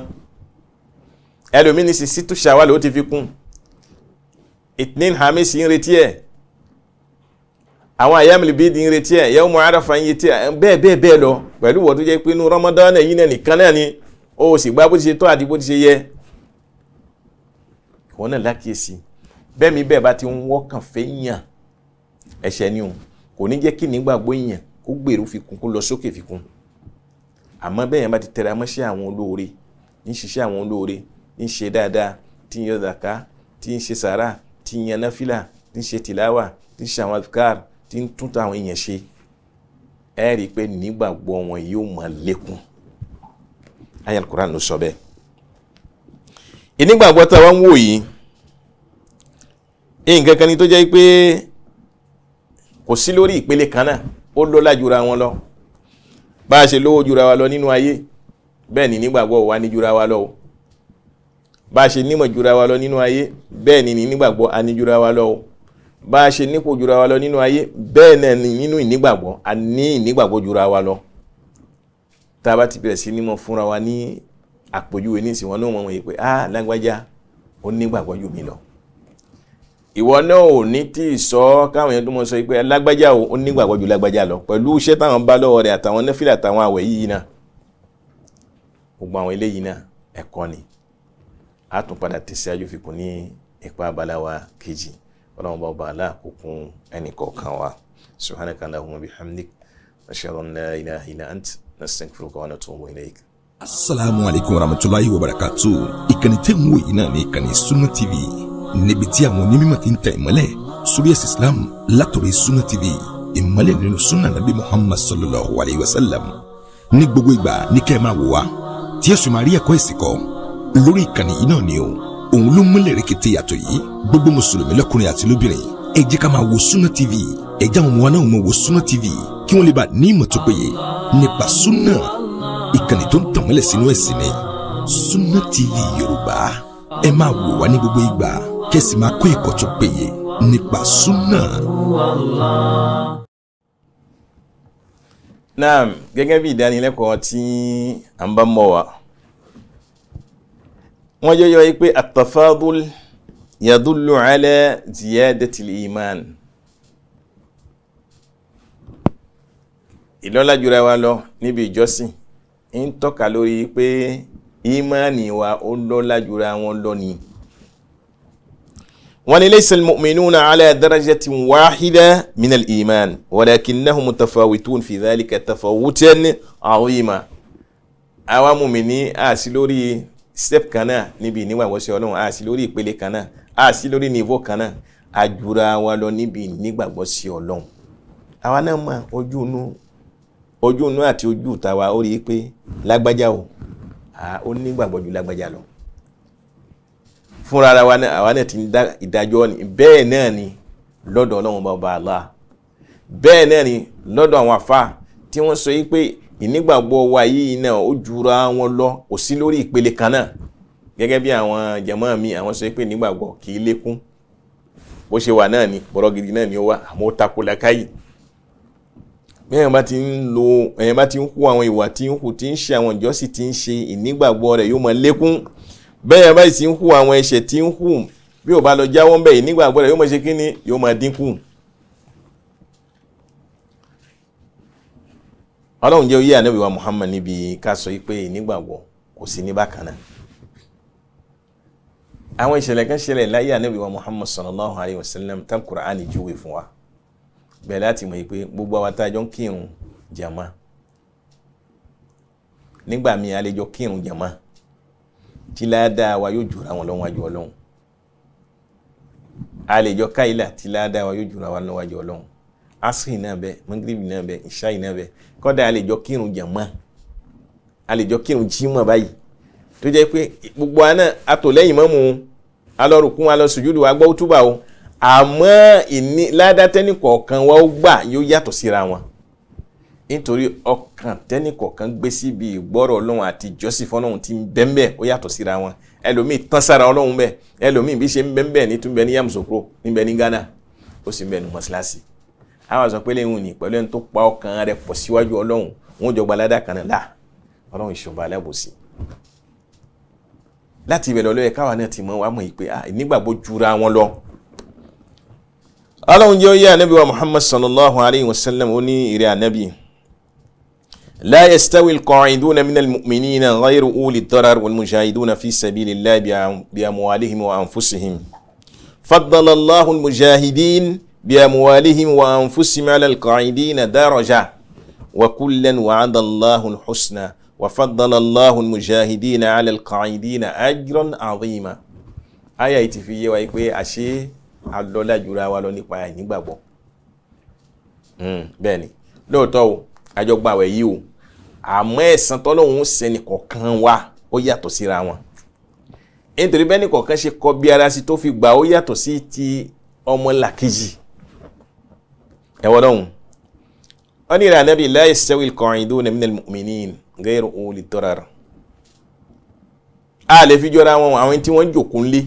ẹlòmí sì sítú ti fi kún ìtìní pẹ̀lú wọ́n tó jẹ́ pé inú rọmọdán ẹ̀yìn náà nìkan náà ni ó sì gbá bó ti ṣe tọ́ àti bó ti ṣe yẹ ìwọ náà lákìyèsí bẹ́ẹ̀ bẹ́ẹ̀ bá ti ń wọ́kàn fẹ́ yàn ẹ̀ṣẹ̀ ni o kò ní jẹ́ kí nígbàgbọ́ èèyàn kó gbèrú fi kún kó lọ sókè fi kún àmọ́ bẹ́ẹ̀ yẹn bá ti tẹra mọ́ṣẹ́ àwọn olóore ń ṣiṣẹ́ àwọn olóore ń ṣe dáadáa tí ń yọ zàká tí ń ṣe sàrà tí ń yan náfìlà tí ń ṣe tìláwà tí ń ṣe àwọn àdùkár tí ń tún tàwọn èèyàn ṣe ẹ rí i pé nígbàgbọ́ wọn yóò máa lékún ayé alukoran ló sọ bẹ́ẹ̀ ìnígbàgbọ́ tá a wá ń wò yìí nǹkan kan ni tó jẹ́ pé kò sí lórí ìpele kan náà ó lọ́lá jura wọn lọ bá a ṣe lówó jura wa lọ nínú ayé bẹ́ẹ̀ ni nígbàgbọ́ wa ní jura wa lọ o bá a ṣe nímọ̀ jura wa lọ nínú ayé bẹ́ẹ̀ ni nígbàgbọ́ a ní jura wa lọ o bá a ṣe nípò jura wa lọ nínú ayé bẹ́ẹ̀ náà ni nínú ìnígbàgbọ́ a ní ìnígbàgbọ́ jura wa lọ tá a bá ti bẹ̀rẹ̀ sí ní mọ fúnra wa ní àpèjúwe ní wọn náà wọ́n pé ah lágbájá ó nígbàgbọ́ jù mí lọ ìwọ náà ò ní tí ì sọ káwọn èèyàn tó mọ sọ pé lágbájá ò ó nígbàgbọ́ jù lágbájá lọ pẹ̀lú iṣẹ́ táwọn bá lọ́wọ́ rẹ̀ àtàwọn nẹ́fìlì àtàwọn àwẹ̀ yìí náà gbogbo àwọn eléyìí náà ẹ̀kọ́ ni a tún padà tẹ̀síwájú fi kún ní ipa abala kejì ọlọ́run bá ọba aláàkókún ẹnì kọ̀ọ̀kan wa subhanaka allahumma bihamdik ashhadu an la ilaha illa ant nastaghfiruka wa natubu ilayk. asalaamualeykum warahmatulahi wabarakatu ìkànnì tẹ́ ń wò yìí náà ní ìkànnì Sunna TV níbi tí àwọn onímọ̀ ti ń tẹ̀ ìmọ́lẹ̀ suriyas islam látọ̀rọ̀ Sunna TV ìmọ́lẹ̀ nínú sunna nabi muhammad sallallahu alayhi wa sallam ní gbogbo ìgbà ní kẹ́ ẹ máa wò wá tí ẹ sì máa rí ẹ̀kọ́ ẹ̀sìn lórí ìkànnì yìí náà ni o òun ló múlẹ̀ rẹ̀kẹ̀tẹ̀ yàtọ̀ yìí gbogbo mùsùlùmí lọ́kùnrin àti lóbìnrin ẹ jẹ́ ká máa wo Sunna TV ẹ jẹ́ àwọn ọmọ wa wo Sunna TV kí wọ́n lè bá ní ìmọ̀ tó péye nípa Sunna ìkànnì tó ń tàn mọ́lẹ̀ sínú ẹ̀sìn ni Sunna TV Yorùbá ẹ máa wò wá ní gbogbo ìgbà kẹ́sì máa kọ́ ẹ̀kọ́ tó péye nípa Sunna. naam gẹ́gẹ́ bí ìdánilẹ́kọ̀ọ́ tí à ń bá mọ̀ wá wọ́n yọ yọ pé at-tafadul yadullu ala ziyadatil iman ìlọ́lájúra wa lọ níbi ìjọsìn ń tọ́ka lórí pé ìmánì wa ó lọ́lájúra wọn lọ ni wọ́n ní laysa al-mu'minuna ala darajatin wahida min al-iman walakinnahum mutafawitun fi dhalika tafawutan 'azima àwọn mùmìnì àti lórí step kan náà níbi ìníwà ìwọ́sẹ̀ ọlọ́run a sì lórí ìpele kan náà a sì lórí nìvó kan náà a jura wa lọ níbi ìnígbàgbọ́ sí ọlọ́run àwa náà mọ ojú inú ojú inú àti ojú ìta wa ó rí i pé lágbájá o ó nígbàgbọ́ ju lágbájá lọ fúnra ara wa náà àwa náà ti ń dá ìdájọ́ ni bẹ́ẹ̀ náà ni lọ́dọ̀ ọlọ́run bá ọba àlá bẹ́ẹ̀ náà ni lọ́dọ̀ àwọn àfa tí wọ́n sọ yìí pé ìnígbàgbọ́ wa yìí náà ó jura wọn lọ kò sí lórí ìpele kan náà gẹ́gẹ́ bí àwọn jàmá mi àwọn sọ pé nígbàgbọ́ kì í lékún bó ṣe wà náà ni bọ̀rọ̀ gidi náà ni ó wà àmọ́ ó takò lákàyè bẹ́ẹ̀ bá ti ń lo ẹ̀yìn bá ti ń hu àwọn ìwà tí ń hu tí ń ṣe àwọn ìjọ́sìn tí ń ṣe ìnígbàgbọ́ rẹ̀ yóò máa lékún bẹ́ẹ̀ bá ti ń hu àwọn ẹ̀ṣẹ̀ tí ń hu bí ò bá lọ jáwọ́ ń bẹ̀ ìnígbàgbọ́ rẹ̀ yóò máa ṣe kí yóò máa dínkù ọlọ́run jẹ́ oyé ànábì wa Muhammad níbi ká sọ pé ìnígbàgbọ́ kò sí ní bákan náà àwọn ìṣẹ̀lẹ̀ kan ṣẹlẹ̀ láyé ànábì Muhammad sallallahu alayhi wa sallam tam Qur'an júwe fún wa bẹ́ẹ̀ láti mọ̀ pé gbogbo àwọn tájọ́ ń kírun jàmá nígbà míì àlejò kírun jàmá tí ládàá wa yóò jùra wọn lọ́wọ́ àjọ ọlọ́run àlejò káyìlà tí ládàá wa yóò jùra wọn lọ́wọ́ ọlọ́run asiri náà bẹ mangiribi náà bẹ ìṣáì náà bẹ kọ́dà a lè jọ kírun jàmá a lè jọ kírun jímọ̀ báyìí tó jẹ́ pé gbogbo àná atòlẹ́yìn mọ́mú alọ́rùkún alọ́sùjúdù agbọ́ túbà o àmọ́ ìní ládàtẹ́nì kọ̀ọ̀kan wa ó gbà yóò yàtọ̀ síra wọn nítorí ọkàn tẹ́nì kọ̀ọ̀kan gbé síbi ìgbọ́rọ̀ ọlọ́run àti ìjọsìn fọlọ́run ti ń bẹ́ńbẹ́ ó yàtọ̀ síra wọn ẹlòmíì tán sára ọlọ́run bẹ́ẹ̀ ẹlòmíì bí ṣe ń bẹ́ńbẹ́ ní túnbẹ́ ní yàmùsòkúrò níbẹ̀ ní Ghana ó sì ń bẹ̀ ní mọ́ṣáláṣí àwọn sọ pé lẹ́yìn òní pẹ̀lú ẹni tó pa ọkàn rẹ̀ pọ̀ síwájú ọlọ́run wọn ò jọ gbalada kan náà là ọlọ́run ìṣọba alábòsí láti ìbẹ̀rẹ̀ ọlọ́yẹ káwa náà ti mọ wa mọ̀ pé nígbàgbọ́ jura wọn lọ. ọlọ́run jẹ́ oyé anabi wa muhammad sallallahu alayhi wa sallam ó ní ìrẹ́ anabi la yastawi alqa'iduna min almu'minina ghayru uli darar walmujahiduna fi sabilillahi bi amwalihim wa anfusihim faddala allahu almujahidin بأموالهم وأنفسهم على القاعدين درجة وكلا وعد الله الحسنى وفضل الله المجاهدين على القاعدين أجرا عظيما aya yìí ti fi yé wa yìí pé àṣé alọ́lá jura wa lọ nípa ìnígbàgbọ́ hmm, bẹ́ẹ̀ ni lóòótọ́ o àjọgbà wẹ̀ yìí o àmọ́ ẹ̀san tọ́lọ́hún sẹ́ni kọ̀ọ̀kan wa ó yàtọ̀ síra wọn nítorí bẹ́ẹ̀ ni kọ̀ọ̀kan ṣe kọ bí ara sí tó fi gbà ó yàtọ̀ sí ti ọmọ làkejì ẹ̀wọ́n náà wọ́n ní ìrànlẹ́bí la yastawi al-qa'iduna min al-mu'minin ghayru uli darar a lè fi jọra wọn àwọn tí wọ́n jòkó ńlé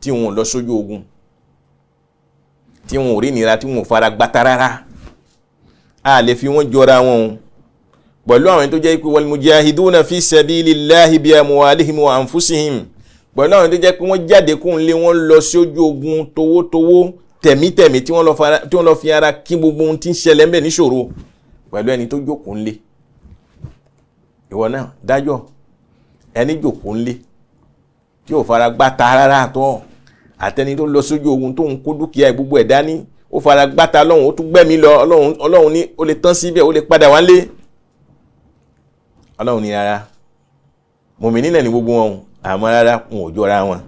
tí wọ́n lọ sójú ogun tí wọ́n ò rí nira tí wọ́n ò fara gbata rárá a lè fi wọ́n jọra wọn o pẹ̀lú àwọn tó jẹ́ pé wal mujahiduna fi sabilillahi bi amwalihim wa anfusihim pẹ̀lú àwọn tó jẹ́ pé wọ́n jáde kó ń lé lọ sí ogun towótowó tẹ̀mítẹ̀mí tí wọ́n lọ fi ara kí gbogbo ohun tí ń ṣẹlẹ̀ ń bẹ̀ níṣòro pẹ̀lú ẹni tó jókòó ńlé ìwọ náà dájọ́ ẹni jókòó ńlé tí ò fara gbáta rárá tó hàn àtẹni tó lọ sójú ogun tó ń kó dúkìá ẹ̀ gbogbo ẹ̀ dání ó fara gbáta lọ́hùn ó tún gbẹ̀mí lọ ọlọ́hun ní ó lè tán síbẹ̀ ó lè padà wálé ọlọ́hun ní rárá mùmínínà ní gbogbo wọn àmọ́ rárá wọn ò jọra wọn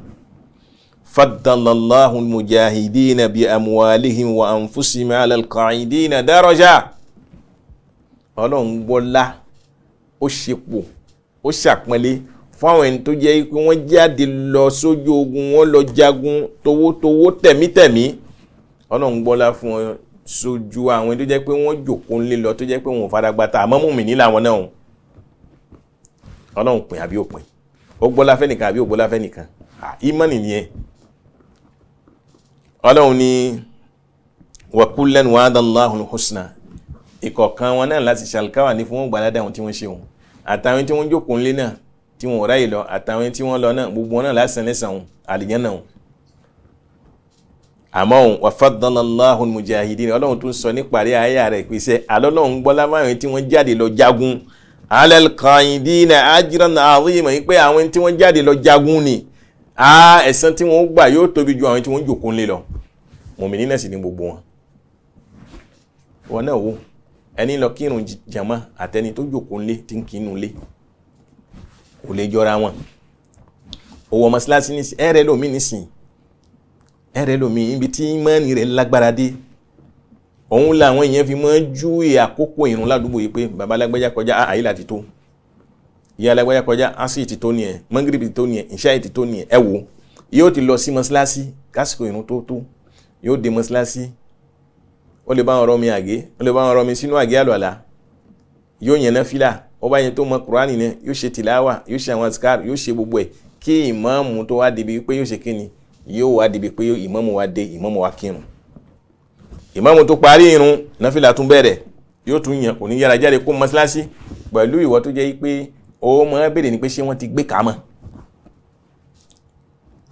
فضل الله المجاهدين بأموالهم وأنفسهم على القاعدين درجة. ọlọ́run gbọ́lá ó ṣepò ó ṣàpọ́nlé fáwọn ẹni tó jẹ́ pé wọ́n jáde lọ sójú ogun wọ́n lọ jagun towótowó tẹ̀mítẹ̀mí ọlọ́run gbọ́lá fún wọn sójú àwọn ẹni tó jẹ́ pé wọ́n jòkó ńlé lọ tó jẹ́ pé wọn ò faragbata àmọ́ mùmínì làwọn náà ọlọ́run pín àbí òpin ó gbọ́lá fẹ́nìkan àbí ògbọ́lá fẹ́nìkan ìmánì nìyẹn ọlọ́run ni wa kullan wa'ada Allahu al-husna ìkọ̀kan wọn náà láti ṣàlùkáwà ní fún wọn gbàládà àwọn tí wọ́n ṣe òun àtàwọn tí wọ́n jókòó ńlé náà tí wọ́n ráyè lọ àtàwọn tí wọ́n lọ náà gbogbo wọn náà lásán lẹ́sàn àlìyàn náà àmọ́ wa faddala Allahu al-mujahidin ọlọ́run tún sọ ní parí ayé rẹ̀ pèsè alọ́lọ́run gbọ́lá máwọn tí wọ́n jáde lọ jagun ala al-qaidina ajran azima yìí pé àwọn tí wọ́n jáde lọ jagun ni ẹ̀san tí wọ́n gbà yóò tóbi ju mùmìnì náà sì ní gbogbo wọn wọn náà wò ẹni lọ kírun jàmá àtẹni tó jòkó ńlé tí ń kínú lé kò lè jọra wọn owó mọ́sálásí ní sí ẹ̀rẹ́ lómi nísìn ẹ̀rẹ́ lómi ibi tí mọ́ni rẹ̀ lágbára dé òun làwọn èèyàn fi máa ń júwe àkókò ìrun ládùúgbò yìí pé bàbá alágbájá kọjá àyílà ti tó ìyá alágbájá kọjá ásì ti tó nìyẹn mọ́ngírìbì ti tó nìyẹn ìṣáì ti tó nìyẹn ẹ wò yóò ti lọ sí mọ́sálásí kásìkò ìrun tó tó yóò dé mọ́síláṣí ó lè bá wọn rọmi àgé ó lè bá wọn rọmi sínú àgé àlọ́lá yóò yẹn náà fílà ó bá yẹn tó mọ kúránì náà yóò ṣe tìláwà yóò ṣe àwọn askar yóò ṣe gbogbo ẹ̀ kí ìmáàmù tó wá débi pé yóò ṣe kíni yóò wá débi pé ìmáàmù wá dé ìmáàmù wá kírun ìmáàmù tó parí irun náà fílà tún bẹ̀rẹ̀ yóò tún yàn kò ní yára jáde kó mọ́síláṣí pẹ̀lú ìwọ tó jẹ́ pé ó mọ́ béèrè ni pé ṣé wọ́n ti gbé kàá mọ́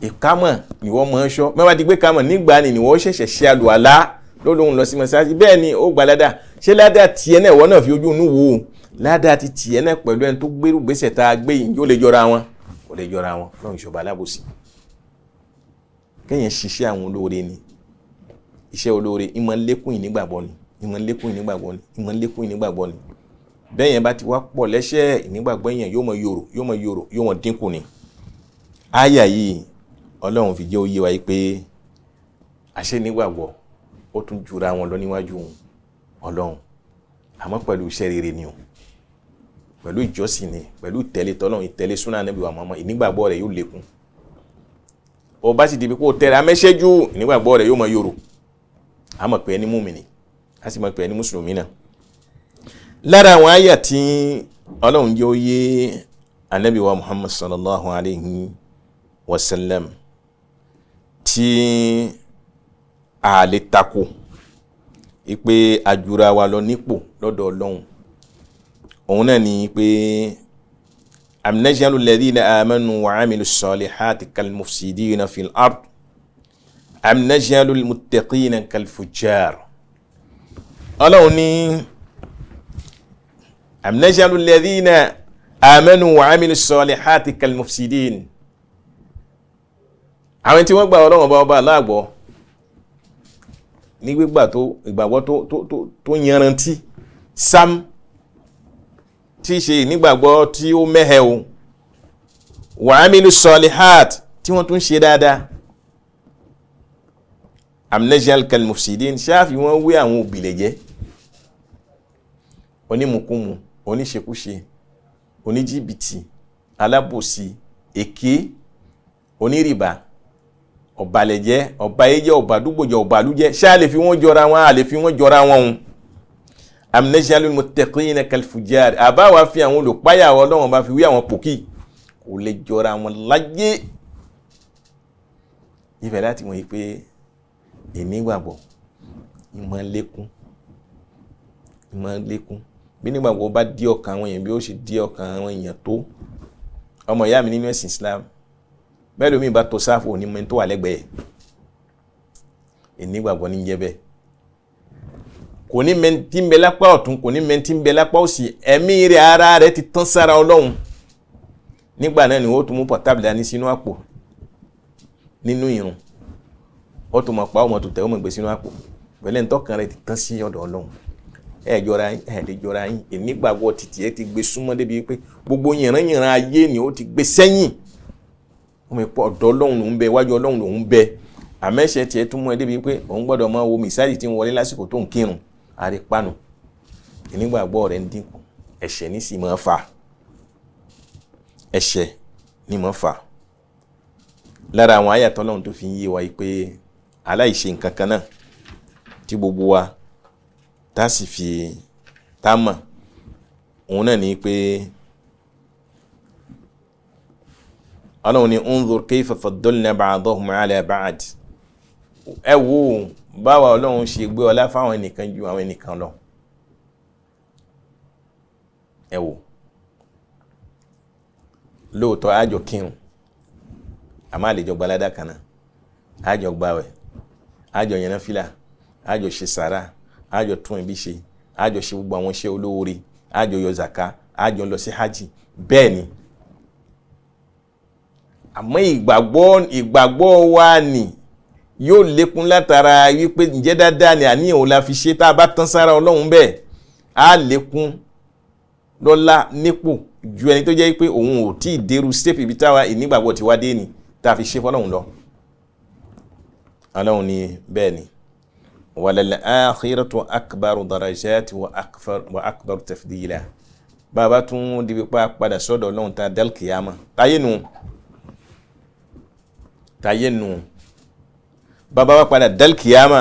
ìkámọ̀ ìwọ mọ̀ ọ́ ṣọ́ mẹ́wàá ti gbé kámọ̀ nígbà ni ìwọ ṣẹ̀ṣẹ̀ ṣe àlùwàlá lọ́lọ́hún lọ sí mọ́ṣáláṣí bẹ́ẹ̀ ni ó gba ládà ṣé ládà tiẹ̀ náà ìwọ náà fi ojú inú wo ládà ti tiẹ̀ náà pẹ̀lú ẹni tó gbérù gbèsè tá a gbé yìí yóò lè jọra wọn kò lè jọra wọn lọ́run ìṣọba alábòsí. kéèyàn ṣiṣẹ́ àwọn olóore ni iṣẹ́ olóore ìmọ̀ lékún ìnígbàgbọ́ ni ìmọ̀ lékún ìnígbàgbọ́ ni ìmọ̀ lékún ìnígbàgbọ́ ni bẹ́ẹ̀ yẹn bá ti wá pọ̀ lẹ́sẹ̀ ni. áyà ọlọ́run fi jẹ́ ó yé wa pé àṣẹ nígbàgbọ́ ó tún jura wọn lọ níwájú ọlọ́run àmọ́ pẹ̀lú iṣẹ́ rere ni o pẹ̀lú ìjọsìn ni pẹ̀lú ìtẹ̀lé tọ́lọ́run ìtẹ̀lé súnà níbi wà mọ́mọ́ ìnígbàgbọ́ rẹ̀ yóò lékún ó bá sì di pé kó o tẹ̀ra mẹ́ṣẹ́jú ìnígbàgbọ́ rẹ̀ yóò mọ yòrò a mọ̀ pé ẹni mùmínì a sì mọ̀ pé ẹni mùsùlùmí náà lára àwọn àyà tí ọlọ́run jẹ́ ó yé muhammad sallallahu alayhi wa sallam tí a lè takò ipe àjùra wa lọ nípò lọ́dọ̀ ọlọ́run òun náà ni pé amnajalu alladhina amanu wa amilu salihati kalmufsidina fil ard amnajalu almuttaqina kalfujar ọlọ́run ní amnajalu alladhina amanu wa amilu salihati kalmufsidina àwọn tí wọ́n gba ọlọ́run ọba ọba aláàgbọ́ ní gbígbà tó ìgbàgbọ́ tó tó tó tó yanrantí sam tí í ṣe ìnígbàgbọ́ tí ó mẹ́hẹ̀ o wàhámìlú sọlihat tí wọ́n tún ṣe dáadáa amnesial kalmufsidin ṣáàfì wọ́n wé àwọn òbílẹ̀jẹ́ onímùkúmu oníṣekúṣe oníjìbìtì alábòsí èké onírìbá ọ̀bàlẹ̀jẹ́ ọ̀bàyéjẹ́ ọ̀bàdúgbòjẹ́ ọ̀bàlújẹ́ ṣé a lè fi wọ́n jọra wọn a lè fi wọ́n jọra wọn o amnesialu muttaqina kalfujari àbá wa fi àwọn olùpáyà ọlọ́wọ́n bá fi wí àwọn pòkì kò lè jọra wọn láyé ibẹ̀ láti wọ̀nyí pé ìnígbàgbọ́ ìmọ̀ lékún ìmọ̀ lékún bí nígbàgbọ́ bá dí ọkàn àwọn èèyàn bí ó ṣe dí ọkàn àwọn èèyàn tó ọmọ ìyá mi nínú ẹ̀sìn Islam bẹ́ẹ̀ lómi bá tó sáfù onímọ̀ tó wà lẹ́gbẹ̀ẹ́ ìnígbàgbọ́ ní jẹ́ bẹ́ẹ̀ kò ní mẹ́ntí ń bẹ lápá ọ̀tún kò ní mẹ́ntí ń bẹ lápá òsì ẹ̀mí rẹ̀ ara rẹ̀ ti tán sára ọlọ́run nígbà náà ni ó tún mú pọ̀tábìlì dání sínú àpò nínú irun ó tún mọ̀ pa ọmọ tó tẹ̀ ó mọ̀ gbé sínú àpò pẹ̀lẹ́ ntọ́kàn rẹ̀ ti tán sí ọ̀dọ̀ ọlọ́run ẹ jọra yín ẹ lè jọra yín ìnígbàgbọ́ títí ẹ ti gbé súnmọ́ débi pé gbogbo yìnrán ó mọ̀ pé ọ̀dọ̀ ọlọ́run lòún bẹ iwájú ọlọ́run lòún bẹ àmẹ́sẹ̀ tiẹ̀ tún mú ẹ débi pé òun gbọ́dọ̀ máa wo mísáìlì tí ń wọlé lásìkò tó ń kírun àrípanù ìnígbàgbọ́ rẹ̀ ń dínkù ẹ̀ṣẹ̀ ní sì máa fà ẹ̀ṣẹ̀ ní máa fà lára àwọn àyàtọ̀ ọlọ́run tó fi ń yé wa pé aláìṣe nǹkan kan náà tí gbogbo wa tá sì fi tá mọ̀ òun náà ní pé. ọlọ́run ní unzur kayfa faddalna ba'dahum ala ba'd ẹ wo báwa ọlọ́run ṣe gbé ọlá fáwọn ẹnìkan ju àwọn ẹnìkan lọ ẹ wo lóòótọ́ àjọ kírun àmọ́ àlejò gbalada kan náà àjọ gbàwẹ̀ àjọ yẹnafílà àjọ ṣe sàrà àjọ tún ibi ṣe àjọ ṣe gbogbo àwọn iṣẹ́ olóore àjọ yọ zaka àjọ lọ sí hajj bẹ́ẹ̀ ni àmọ́ ìgbàgbọ́ ìgbàgbọ́ wa nì yóò lékún látara wípé ǹjẹ́ dáadáa ni àníyàn ò la fi ṣe tá a bá tán sára ọlọ́run bẹ́ẹ̀ á lékún lọ́lá nípò ju ẹni tó jẹ́ pé òun ò tí ì dérú stéèpì ibi táwa ìnígbàgbọ́ ti wá dé ni tá a fi ṣe fọlọ́run lọ. ọlọ́run ni bẹ́ẹ̀ ni walal akhiratu akbaru darajati wa akbaru tafdila bàbá tún dibi pa padà sọ́dọ̀ ọlọ́run tá a táyé nu táyé nù bàbá wa padà dálkìyàmà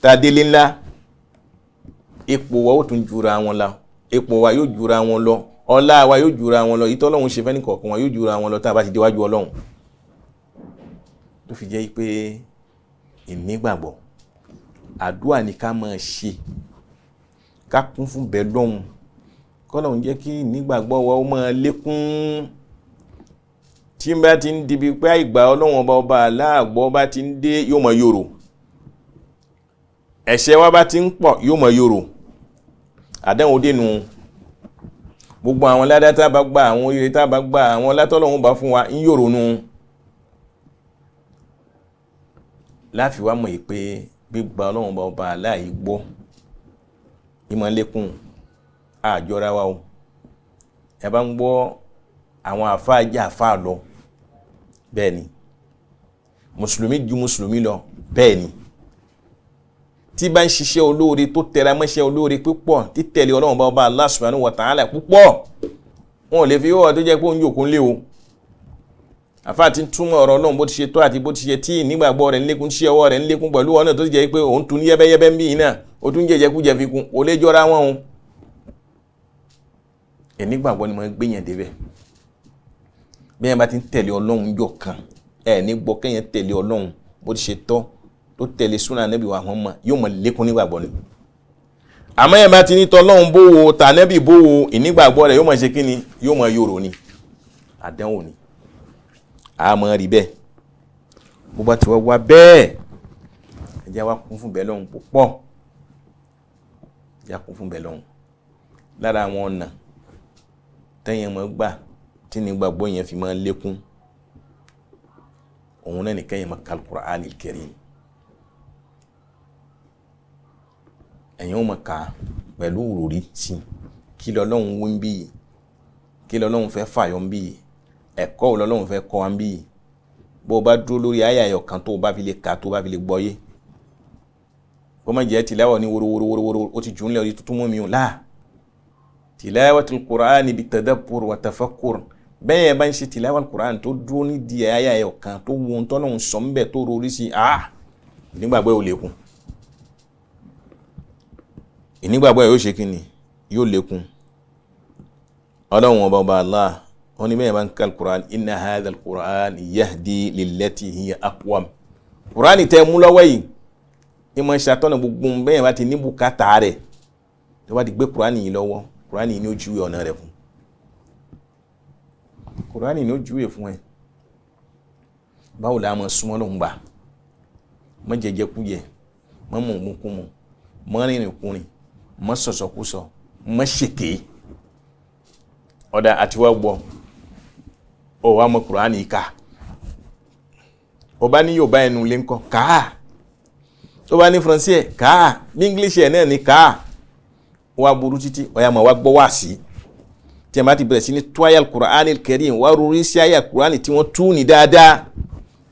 tá a délé ńlá ipò wa ó tún jura wọn la ipò wa yóò jura wọn lọ ọlá wa yóò jura wọn lọ ìtọ́ ọlọ́run ṣe fẹ́ nìkọ̀ọ̀kan wa yóò jura wọn lọ tá a bá ti déwájú ọlọ́run tó fi jẹ́ pé ìnígbàgbọ́ àdúrà ni ká máa ṣe ká kún fún bẹ́ẹ̀ lọ́hùn kọ́lọ́hún jẹ́ kí ìnígbàgbọ́ wa ó máa lékún tí n bá ti ń dibi pé ìgbà ọlọ́wọ́n ọba ọba aláàgbọ́ bá ti ń dé yóò mọ yòrò ẹ̀ṣẹ̀ wa bá ti ń pọ̀ yóò mọ yòrò àdéhùn dénú gbogbo àwọn ládá tá a bá gbà àwọn ire tá a bá gbà àwọn látọ́lọ́hún bá fún wa ń yòrò nu láfiwá mọ̀ yìí pé gbígba ọlọ́run bá ọba aláàyè ìmọ̀lẹ́kùn àjọra wa o ẹ bá ń gbọ́ àwọn àfáà jẹ́ àfáà lọ bẹ́ẹ̀ ni mùsùlùmí ju mùsùlùmí lọ bẹ́ẹ̀ ni tí bá ń ṣiṣẹ́ olóore tó tẹra mọ́ṣẹ́ olóore púpọ̀ títẹ̀lé ọlọ́run bá ọba Allah subhanahu wa ta'ala púpọ̀ wọn ò lè fi wọ́wọ́ tó jẹ́ pé òun yòókù ń lé o àfáà ti ń túmọ̀ ọ̀rọ̀ ọlọ́run bó ti ṣe tó àti bó ti ṣe tí nígbàgbọ́ rẹ̀ ń lékún ọwọ́ rẹ̀ ń pẹ̀lú ọ̀nà tó ti jẹ́ pé òun tún yẹ́bẹ́yẹ́bẹ́ ń bí iná ó tún jẹ́ jẹ́kújẹ fi ó lé jọra wọn o ẹ̀ ni mo gbé yẹn débẹ̀ bí yẹn bá ti ń tẹ̀lé ọlọ́run jọ kan ẹ ní gbọ́ kẹ́yìn tẹ̀lé ọlọ́run bó ti ṣe tọ́ tó tẹ̀lé súnà nẹ́bí wa hàn mọ́ yóò mọ̀ lékún nígbàgbọ́ ni. àmọ́ yẹn bá ti ní tọ́lọ́run bówó tà nẹ́bí bówó ìnígbàgbọ́ rẹ̀ yóò mọ̀ ṣe kí ni yóò mọ̀ yòrò ni àdánwò ni àmọ́ rí bẹ́ẹ̀ bó bá ti wá wá bẹ́ẹ̀ ẹ̀jẹ̀ wá kún fún bẹ́ẹ̀ lọ́hùn púpọ̀ ẹ̀jẹ̀ kún fún bẹ́ẹ̀ lọ́hùn lára àwọn ọ̀nà tẹ́yìn mọ́ gbà tí ní gbàgbọ́ yẹn fi máa ń lékún òun náà nìkan yẹn máa ka alukur'an alkarim ẹ̀yin ó máa ka pẹ̀lú òròrí sí kí lọ́lọ́run wí ń bí yìí kí lọ́lọ́run fẹ́ fàyọ ń bí yìí ẹ̀kọ́ wo lọ́lọ́run fẹ́ kọ́ ń bí yìí bó o bá dúró lórí ayàyọ̀ kan tó o bá fi lè kà tó o bá fi lè gbọ́ yé bó tìlẹ́wọ̀ ní wórówórówóró ó ti jù ú lẹ́wọ̀ ní tuntun mú mi ò láà tilawatul qur'ani bitadabbur wa tafakkur bẹ́ẹ̀ yẹn bá ń ṣe tìláwà Qur'an tó dúró nídìí àyà ẹ̀ kan tó wo ohun tọ́lọ́hún sọ ń bẹ̀ tó rorí sí a ìnígbàgbọ́ ẹ̀ ò lékun ìnígbàgbọ́ ẹ̀ yóò ṣe kí ni yóò lékun ọlọ́run ọba ọba Allah wọn ni bẹ́ẹ̀ bá ń ka Qur'an inna hadha Qur'an yahdi lillati hiya aqwam Qur'an tẹ́ mú lọ́wọ́ yìí ìmọ̀ ṣàtọ́nà gbogbo bẹ́ẹ̀ bá ti ní bùkátà rẹ̀ tó bá ti gbé Qur'an yìí lọ́wọ́ Qur'an yìí ni ó júwe ọ̀nà rẹ̀ fún kùránì ní ojúwe fún ẹ báwo la mọ súnmọ́ ló ń gbà mọ jẹjẹ kújẹ mọ mọ òmùkùmù mọ rìnrìnkùnrin mọ sọsọkúsọ mọ ṣèké ọ̀dà àtiwá gbọ́ ọ wà mọ kùránì ká ọba ní Yorùbá ẹnu lé ńkọ káà tó bá ní faransé káà ní English ẹ náà ní káà wà burú títí ọ̀yà mọ̀ wá gbọ́ wá sí i tí a bá ti bẹ̀rẹ̀ sí ní tuwayal Qur'an al-Karim wá rúrí sí àyà Qur'an tí wọ́n tú ní dáadáa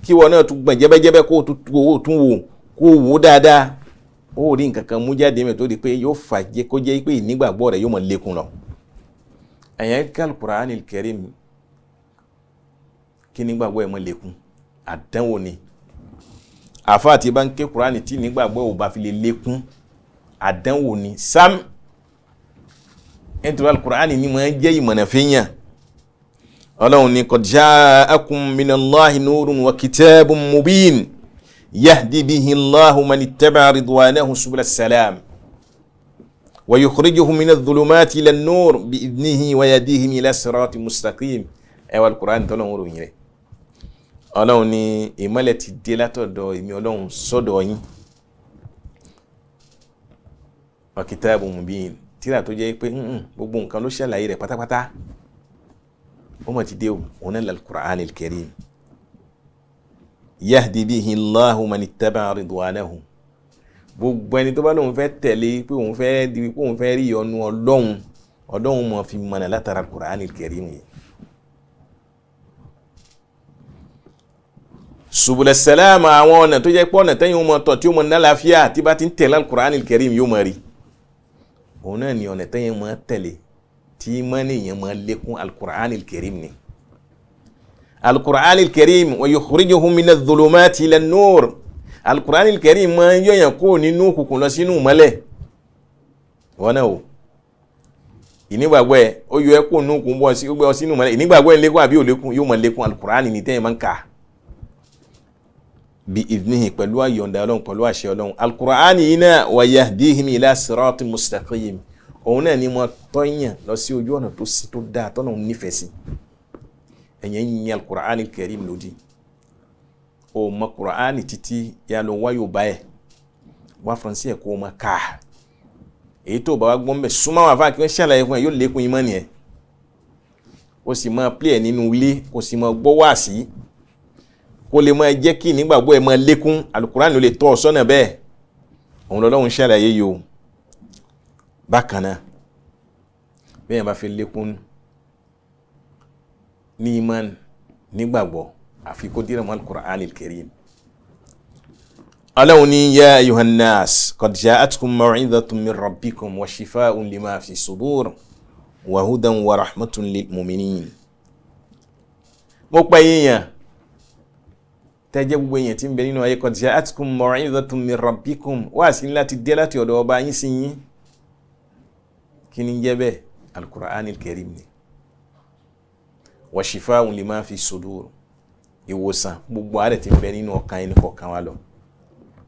kí wọn náà tún gbọ̀n jẹ́bẹ́jẹ́bẹ́ kó o tún wò kó o wò dáadáa ó rí nǹkan kan mú jáde mẹ́ tó di pé yóò fà jẹ́ kó jẹ́ pé ìnígbàgbọ́ rẹ̀ yóò mọ̀ lékun lọ. àyàn kal Qur'an al kí nígbàgbọ́ ẹ̀ mọ̀ lékun àdánwò ni àfa àti bá ń ké Qur'an tí nígbàgbọ́ ò bá fi lè lékun àdánwò ni sam nítorí alukur'ani ni máa jẹ́ ìmọ̀nà fẹ́yàn ọlọ́run ní qad ja'akum minallahi nurun wa kitabun mubin yahdi bihi Allahu man ittaba'a ridwanahu subula salam wa yukhrijuhum mina dhulumati ila nur bi idnihi wa yadihim ila sirati mustaqim ẹ wà alukur'ani tọ́lọ́ ń ròyìn rẹ̀ ọlọ́run ní ìmọ̀lẹ̀ ti dé látọ̀dọ̀ èmi ọlọ́run sọ́dọ̀ yín wa kitabun mubin tíra tó jẹ́ pé gbogbo nǹkan ló ṣàlàyé rẹ̀ pátápátá ó mọ̀ ti dé o òun náà al-Qur'an al-Karim yahdi bihi Allahu man ittaba'a ridwanahu gbogbo ẹni tó bá lóun fẹ́ tẹ̀lé pé òun fẹ́ di pé òun fẹ́ rí ọnu ọlọ́run ọlọ́run mọ̀ fi mọ̀nà látara al-Qur'an al-Karim yìí. subula salama àwọn ọ̀nà tó jẹ́ pé ọ̀nà tẹ́yìn mọ̀ tọ̀ tí ó mọ̀ ní tí bá ti ń tẹ̀lé al-Qur'an al-Karim yóò mọ̀ rí òun náà ni ọ̀nà tẹ́yìn máa tẹ̀lé tí mọ́ni yẹn máa lékún alukur'an alkarim ni alukur'an alkarim wa yukhrijuhum mina dhulumati ila nur alukur'an alkarim máa ń yọ̀yàn kó nínú òkùnkùn lọ sínú mọ́lẹ̀ wọn náà o ìnígbàgbọ́ ẹ ó yọ ẹ kó nínú òkùnkùn bọ́ sínú mọ́lẹ̀ ìnígbàgbọ́ ẹ lékún àbí ò lékún yóò máa lékún alukur'an ni tẹ́yìn máa ń kà á bí ìdíhìn pẹ̀lú àyọ̀ǹda ọlọ́run pẹ̀lú àṣẹ ọlọ́run alukur'ani yìí náà wa yahdihim ila sirati mustaqim òun náà ni mo tọ́yàn lọ sí ojú ọ̀nà tó sí tó dáa tọ́nà òun nífẹ̀ẹ́ sí ẹ̀yẹn ń yan alukur'ani karim lòdì o mọ kur'ani títí ya lọ wá yóò bá wá faransé ẹ̀ kó o ma ká èyí tó bá wa gbọ́n bẹ̀ súnmọ́ wà fún akẹ́kọ̀ọ́ ṣàlàyé fún ẹ yóò lékun ìmọ̀ nìyẹn o sì o sì máa gbọ́ kó lè máa jẹ́ kí nígbàgbọ́ ẹ máa lékún alukurani lè tọ́ ọ sọ́nà bẹ́ẹ̀ òun lọ́lọ́run ṣàlàyé yìí o bákan náà bẹ́ẹ̀ bá fi lékún ní imán nígbàgbọ́ àfi kó dínà mọ́ alukurani alkarim aláwọn ní yá yohannas qad ja'atkum maw'izatun min rabbikum wa shifa'un lima fi sudur wa hudan wa rahmatun lil mu'minin mo pa yíyan tẹ́jẹ́ gbogbo èèyàn tí ń bẹ nínú ayé kọ́ tìṣẹ́ àtìkùn maw'izatun min rabbikum wá sí ní láti dé láti ọ̀dọ̀ ọba yín sí yín kí ni jẹ́ bẹ́ẹ̀ alukur'anil karim ni wa shifa'un lima fi sudur ìwòsàn gbogbo àárẹ̀ tí ń bẹ nínú ọkàn ẹni kọ̀ọ̀kan wa lọ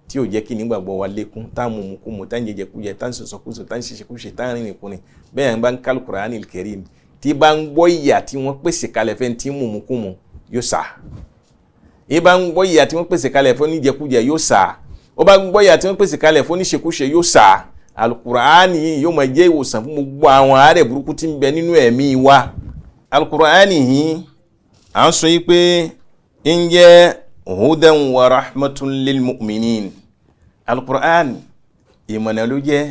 tí ò jẹ́ kí nígbàgbọ́ wa lékún tá mú mu kú mu tá ń jẹjẹ kú jẹ tá ń sọ̀sọ̀ kú sọ tá ń ṣiṣẹ́ kú ṣe tá ń rìn nìkú ni bẹ́ẹ̀ yẹn bá ń kálukú Qur'anil Karim tí bá ń gbọ́ ìyà tí wọ́n pèsè kalẹ̀ fẹ́ tí mú mu kú mu yóò sà ìbá ń gbọ́ ìyà tí wọ́n pèsè kalẹ̀ fún níjẹkújẹ yóò sà ó bá ń gbọ́ ìyà tí wọ́n pèsè kalẹ̀ fún níṣekúṣe yóò sà alukuraani yìí yóò máa jẹ́ ìwòsàn fún gbogbo àwọn àárẹ̀ burúkú tí ń bẹ nínú ẹ̀mí wa alukuraani yìí à ń sọ yìí pé ń jẹ́ hudan wa rahmatun lil mu'minin alukuraani ìmọ̀nà ló jẹ́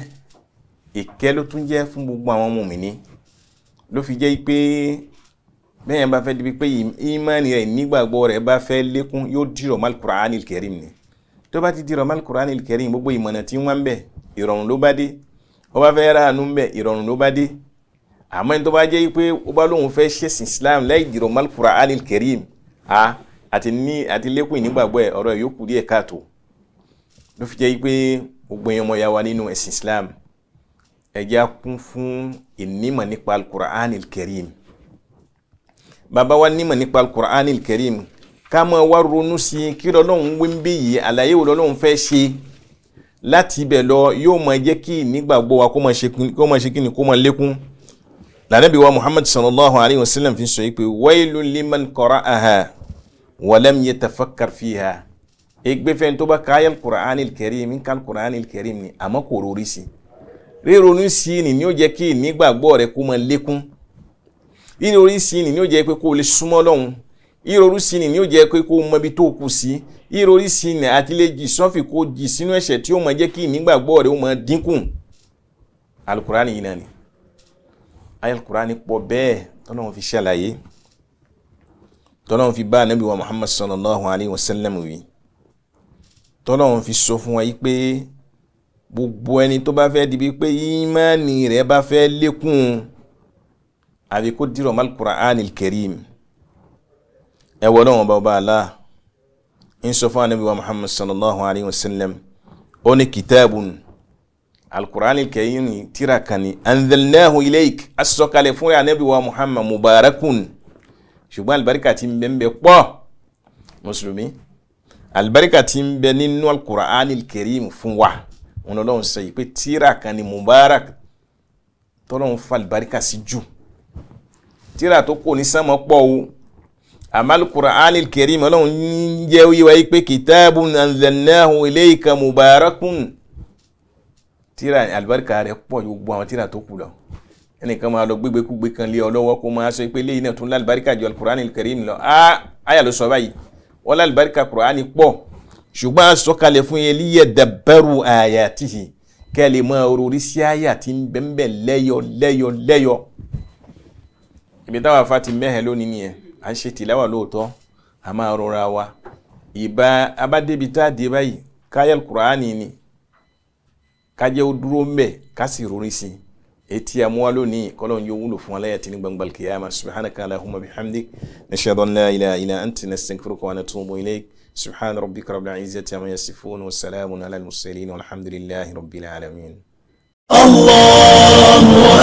ìkẹ́ ló tún jẹ́ fún gbogbo àwọn mùmìnì ló fi jẹ́ pé bẹ́ẹ̀ bá fẹ́ di pé ìmánì rẹ̀ nígbàgbọ́ rẹ̀ bá fẹ́ lékún yóò dìrọ̀ mal Qur'an il-Karim ni tó bá ti dìrọ̀ mal Qur'an il-Karim gbogbo ìmọ̀nà tí wọ́n bẹ̀ ìrọ̀rùn ló bá dé ó bá fẹ́ ráàánú bẹ̀ ìrọ̀rùn ló bá dé àmọ́ ní tó bá jẹ́ pé ó bá lóun fẹ́ ṣẹ̀sìn Islam láì dìrọ̀ mal Qur'an il a àti ní àti lékún ìnígbàgbọ́ ẹ̀ ọ̀rọ̀ yóò kù díẹ̀ káàtó bàbá wa nímọ̀ nípa alukur'an karim ká máa wá ronú sí i kí lọ́lọ́run wí ń bí yìí àlàyé wo lọ́lọ́run fẹ́ ṣe láti ibẹ̀ lọ yóò máa jẹ́ kí nígbàgbọ́ wa kó máa ṣe kí ni kó máa lékún lànàbí wa muhammad sallallahu alayhi wa sallam fi sọ yìí pé wailu liman qara'aha wa lam yatafakkar fiha egbefẹ́ni tó bá ka alukur'an karim ń ka alukur'an karim ni àmọ́ kò rori sí ríronú sí ni ni ó jẹ́ kí nígbàgbọ́ rẹ kó máa lékún ìròrí sí ni ni ó jẹ́ pé kó o lè súnmọ́ Ọlọ́run ìròrí sí ni ni ó jẹ́ pé kó o mọ ibi tó kù sí ìròrí sí ni àti lè jì sọ́fì kó o jì sínú ẹ̀ṣẹ̀ tí ó mọ jẹ́ kí ìmígbàgbọ́ rẹ̀ ó mọ dínkù alukurani yìí náà ni alukurani pọ̀ bẹ́ẹ̀ tọ́lọ́run fi ṣàlàyé tọ́lọ́run fi bá anabi wa Muhammad sallallahu alayhi wa sallam wí tọ́lọ́run fi sọ fún wa yìí pé gbogbo ẹni tó bá fẹ́ dibi pé ìmánì rẹ̀ bá fẹ́ lékún àbí kó dìrọ̀ mal Qur'anil Karim ẹ wọ́n náà wọn bá bá la ń sọ fún anabi wa Muhammad sallallahu alayhi wa sallam ó ní kitaabun alqur'anil Karim tírà kan ni anzalnahu ilayk asọ̀kalẹ̀ fún anabi wa Muhammad mubarakun ṣùgbọ́n alibarika ti ń bẹ pọ̀ mùsùlùmí alibarika ti ń bẹ nínú alqur'anil Karim fún wa wọn lọ́wọ́ sọ yìí pé tírà kan mubarak tọ́lọ́wọ́n fa alibarika sí jù. Si tíra tó kò ní sánmọ́ pọ̀ o àmàlù Qur'an al-Karim ọlọ́run ń jẹ́ oyè wáyé pé kitabun anzalnahu ilayka mubarakun tíra àlùbáríkà rẹ̀ pọ̀ yóò gbọ́ àwọn tíra tó kù lọ ẹnìkan máa lọ gbégbékúgbé kan lé ọ lọ́wọ́ kó máa sọ pé lẹ́yìn náà tún lálùbáríkà jọ Qur'an al-Karim lọ àyà ló sọ báyìí wọ́n lálùbáríkà Qur'an pọ̀ ṣùgbọ́n a fún yẹn liyẹ dabaru ayatihi kẹ́lẹ̀ máa orí sí àyà tí ń bẹ́ẹ̀ ibi táwa fa ti mẹ́hẹ̀ lónìí nìyẹn à ń ṣe tìláwà lóòótọ́ a máa rọra wa ìbá abádébi tá a dé báyìí káyọ̀ kùránì ni kájẹ́ ó dúró mbẹ̀ ká sì rori sí etí amúwa lónìí kọ́lọ́ yóò wúlò fún aláyà tí ní gbangba kìyàmà subhanaka allahumma bihamdik nashhadu an la ilaha illa anta nastaghfiruka wa natubu ilayk subhana rabbika rabbil izzati amma yasifun wa salamun ala al-mursalin walhamdulillahi rabbil alamin. الله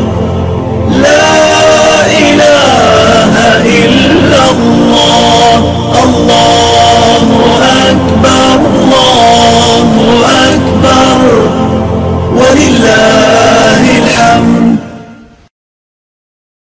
الله الله أكبر الله أكبر ولله